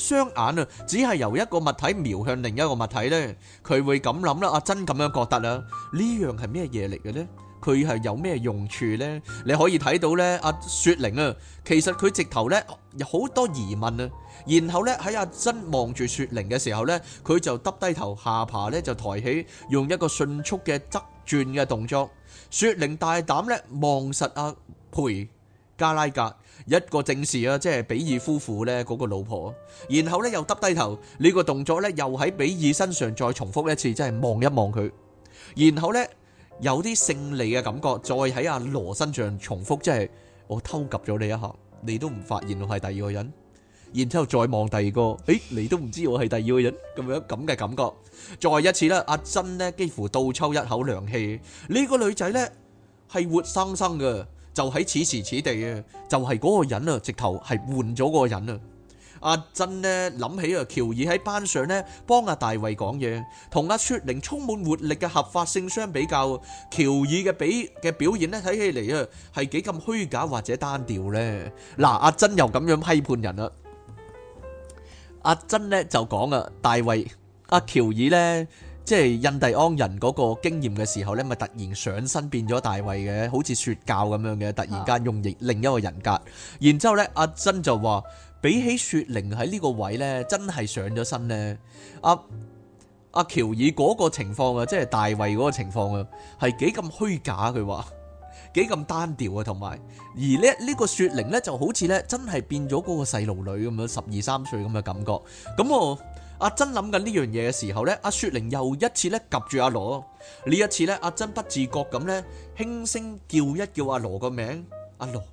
雙眼啊，只係由一個物體瞄向另一個物體呢。佢會咁諗啦。阿珍咁樣覺得啦，呢樣係咩嘢嚟嘅呢？佢係有咩用處呢？你可以睇到呢，阿雪玲啊，其實佢直頭咧，有好多疑問啊。然後呢，喺阿珍望住雪玲嘅時候呢，佢就耷低頭下巴呢，就抬起，用一個迅速嘅側轉嘅動作。雪玲大膽呢，望實阿培。加拉格一個正事啊，即係比爾夫婦呢嗰個老婆，然後呢又耷低頭呢個動作呢，又喺比爾身上再重複一次，即係望一望佢，然後呢有啲勝利嘅感覺，再喺阿羅身上重複，即係我偷襲咗你一下，你都唔發現我係第二個人，然之後再望第二個，誒，你都唔知我係第二個人咁樣咁嘅感覺，再一次啦，阿珍呢幾乎倒抽一口涼氣，呢個女仔呢係活生生嘅。就喺此時此地啊，就係、是、嗰個人啊，直頭係換咗嗰個人啊！阿珍呢，諗起啊，喬爾喺班上呢，幫阿大衛講嘢，同阿雪玲充滿活力嘅合法性相比較，喬爾嘅比嘅表現呢，睇起嚟啊，係幾咁虛假或者單調呢。嗱，阿珍又咁樣批判人啊。阿珍呢，就講啊，大衛阿、啊、喬爾呢。即係印第安人嗰個經驗嘅時候呢，咪突然上身變咗大衛嘅，好似雪教咁樣嘅，突然間用另一個人格。然之後呢，阿珍就話比起雪靈喺呢個位呢，真係上咗身呢。啊」阿、啊、阿喬爾嗰個情況啊，即係大衛嗰個情況啊，係幾咁虛假，佢話幾咁單調啊，同埋而呢呢、呢個雪靈呢，就好似呢真係變咗嗰個細路女咁樣，十二三歲咁嘅感覺。咁我。阿珍諗緊呢樣嘢嘅時候呢，阿雪玲又一次呢夾住阿羅。呢一次呢，阿珍不自覺咁呢輕聲叫一叫阿羅個名，阿羅，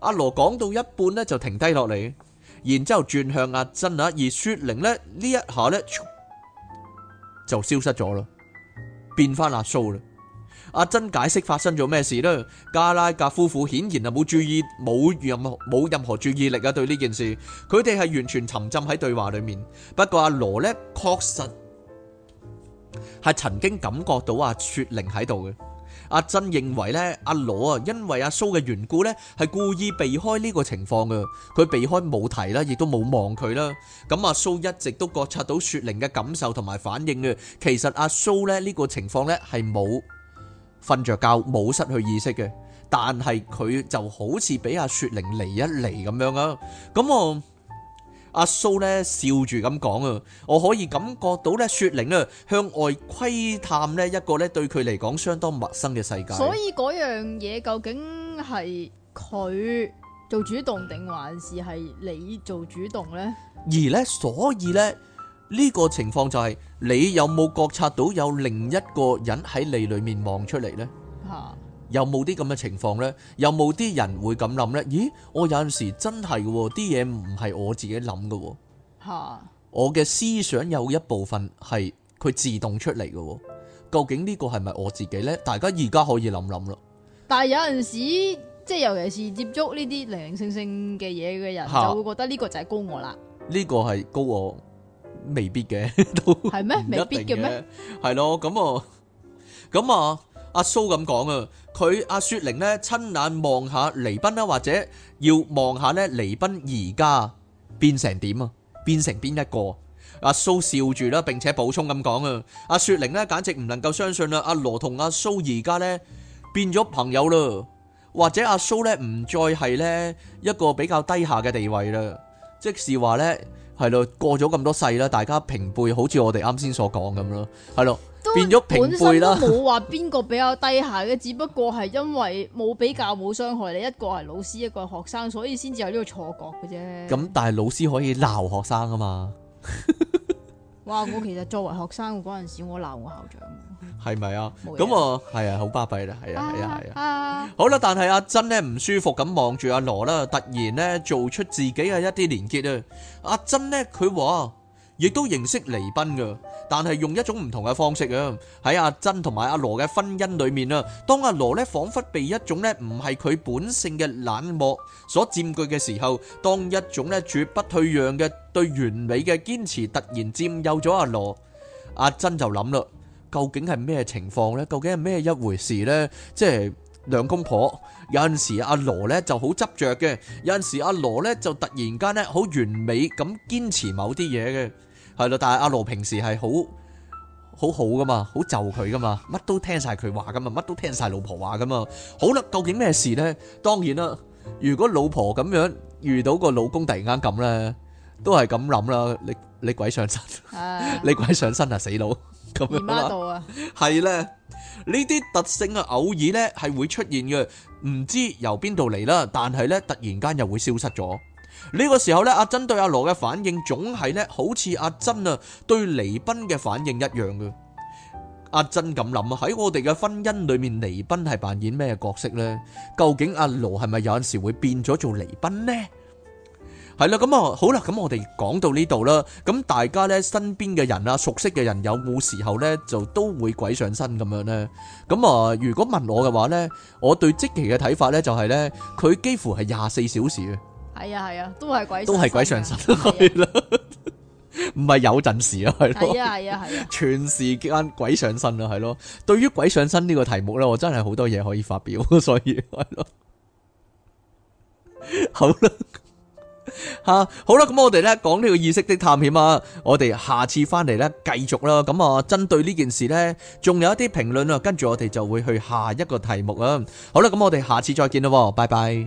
阿羅講到一半呢，就停低落嚟，然之後轉向阿珍啦，而雪玲呢，呢一下呢，就消失咗啦，變翻阿蘇啦。阿珍解釋發生咗咩事啦。加拉格夫婦顯然係冇注意，冇任冇任何注意力啊，對呢件事，佢哋係完全沉浸喺對話裡面。不過，阿羅呢，確實係曾經感覺到阿雪玲喺度嘅。阿珍認為呢，阿羅啊，因為阿蘇嘅緣故呢，係故意避開呢個情況嘅。佢避開冇提啦，亦都冇望佢啦。咁阿蘇一直都覺察到雪玲嘅感受同埋反應嘅。其實阿蘇呢，呢個情況呢，係冇瞓著覺冇失去意識嘅，但係佢就好似俾阿雪玲嚟一嚟咁樣啊！咁我阿蘇呢，笑住咁講啊，我可以感覺到呢，雪玲啊向外窺探呢一個呢，對佢嚟講相當陌生嘅世界。所以嗰樣嘢究竟係佢做主動定還是係你做主動呢？而呢，所以呢。呢個情況就係你有冇覺察到有另一個人喺你裏面望出嚟呢？吓，有冇啲咁嘅情況呢？有冇啲人會咁諗呢？咦，我有陣時真係嘅，啲嘢唔係我自己諗嘅。吓，我嘅思想有一部分係佢自動出嚟嘅。究竟呢個係咪我自己呢？大家而家可以諗諗啦。但係有陣時，即係尤其是接觸呢啲零零星星嘅嘢嘅人，就會覺得呢個就係高我啦。呢個係高我。未必嘅， 都係咩？未必嘅咩？係咯，咁啊，咁啊，阿蘇咁講啊，佢阿雪玲呢，親眼望下黎賓啦，或者要望下呢黎賓而家變成點啊？變成邊一個？阿、啊、蘇笑住啦，並且補充咁講啊，阿雪玲呢，簡直唔能夠相信啦，阿羅同阿蘇而家呢，變咗朋友啦，或者阿蘇呢，唔再係呢一個比較低下嘅地位啦，即是話呢。係咯，過咗咁多世啦，大家平輩，好似我哋啱先所講咁咯，係咯，都變咗平輩啦。冇話邊個比較低下嘅， 只不過係因為冇比較冇傷害，你一個係老師，一個係學生，所以先至有呢個錯覺嘅啫。咁但係老師可以鬧學生啊嘛。 哇！我其實作為學生嗰陣時，我鬧我校長嘅，係咪啊？咁我啊，係啊，好巴閉啦，係啊，係啊，係啊，啊好啦，但係阿珍咧唔舒服咁望住阿羅啦，突然咧做出自己嘅一啲連結啊！阿珍咧佢話。亦都認識離婚嘅，但係用一種唔同嘅方式啊！喺阿珍同埋阿羅嘅婚姻裡面啊，當阿羅咧彷彿被一種咧唔係佢本性嘅冷漠所佔據嘅時候，當一種咧絕不退讓嘅對完美嘅堅持突然佔有咗阿羅，阿珍就諗啦，究竟係咩情況咧？究竟係咩一回事咧？即係兩公婆有陣時阿羅咧就好執著嘅，有陣時阿羅咧就突然間咧好完美咁堅持某啲嘢嘅。係啦，但係阿羅平時係好好好噶嘛，好就佢噶嘛，乜都聽晒佢話噶嘛，乜都聽晒老婆話噶嘛。好啦，究竟咩事咧？當然啦，如果老婆咁樣遇到個老公突然間咁咧，都係咁諗啦。你你，鬼上身，你鬼上身啊，死佬咁樣啦。係咧，呢啲特性啊，偶爾咧係會出現嘅，唔知由邊度嚟啦，但係咧突然間又會消失咗。呢個時候咧，阿珍對阿羅嘅反應總係咧，好似阿珍啊對離賓嘅反應一樣嘅。阿珍咁諗啊，喺我哋嘅婚姻裏面，離賓係扮演咩角色咧？究竟阿羅係咪有陣時會變咗做離賓咧？係啦，咁啊好啦，咁我哋講到呢度啦。咁大家咧身邊嘅人啊，熟悉嘅人有冇時候咧就都會鬼上身咁樣咧？咁啊，如果問我嘅話咧，我對積奇嘅睇法咧就係咧，佢幾乎係廿四小時嘅。係啊係啊，都係鬼，都係鬼上身，係咯，唔係有陣時啊，係咯，係啊係啊係啊，全時間鬼上身啊，係咯。對於鬼上身呢個題目咧，我真係好多嘢可以發表，所以係咯，好啦，吓好啦，咁我哋咧講呢個意識的探險啊，我哋下次翻嚟咧繼續啦。咁啊，針對呢件事咧，仲有一啲評論啊，跟住我哋就會去下一個題目啊。好啦，咁我哋下次再見啦，拜拜。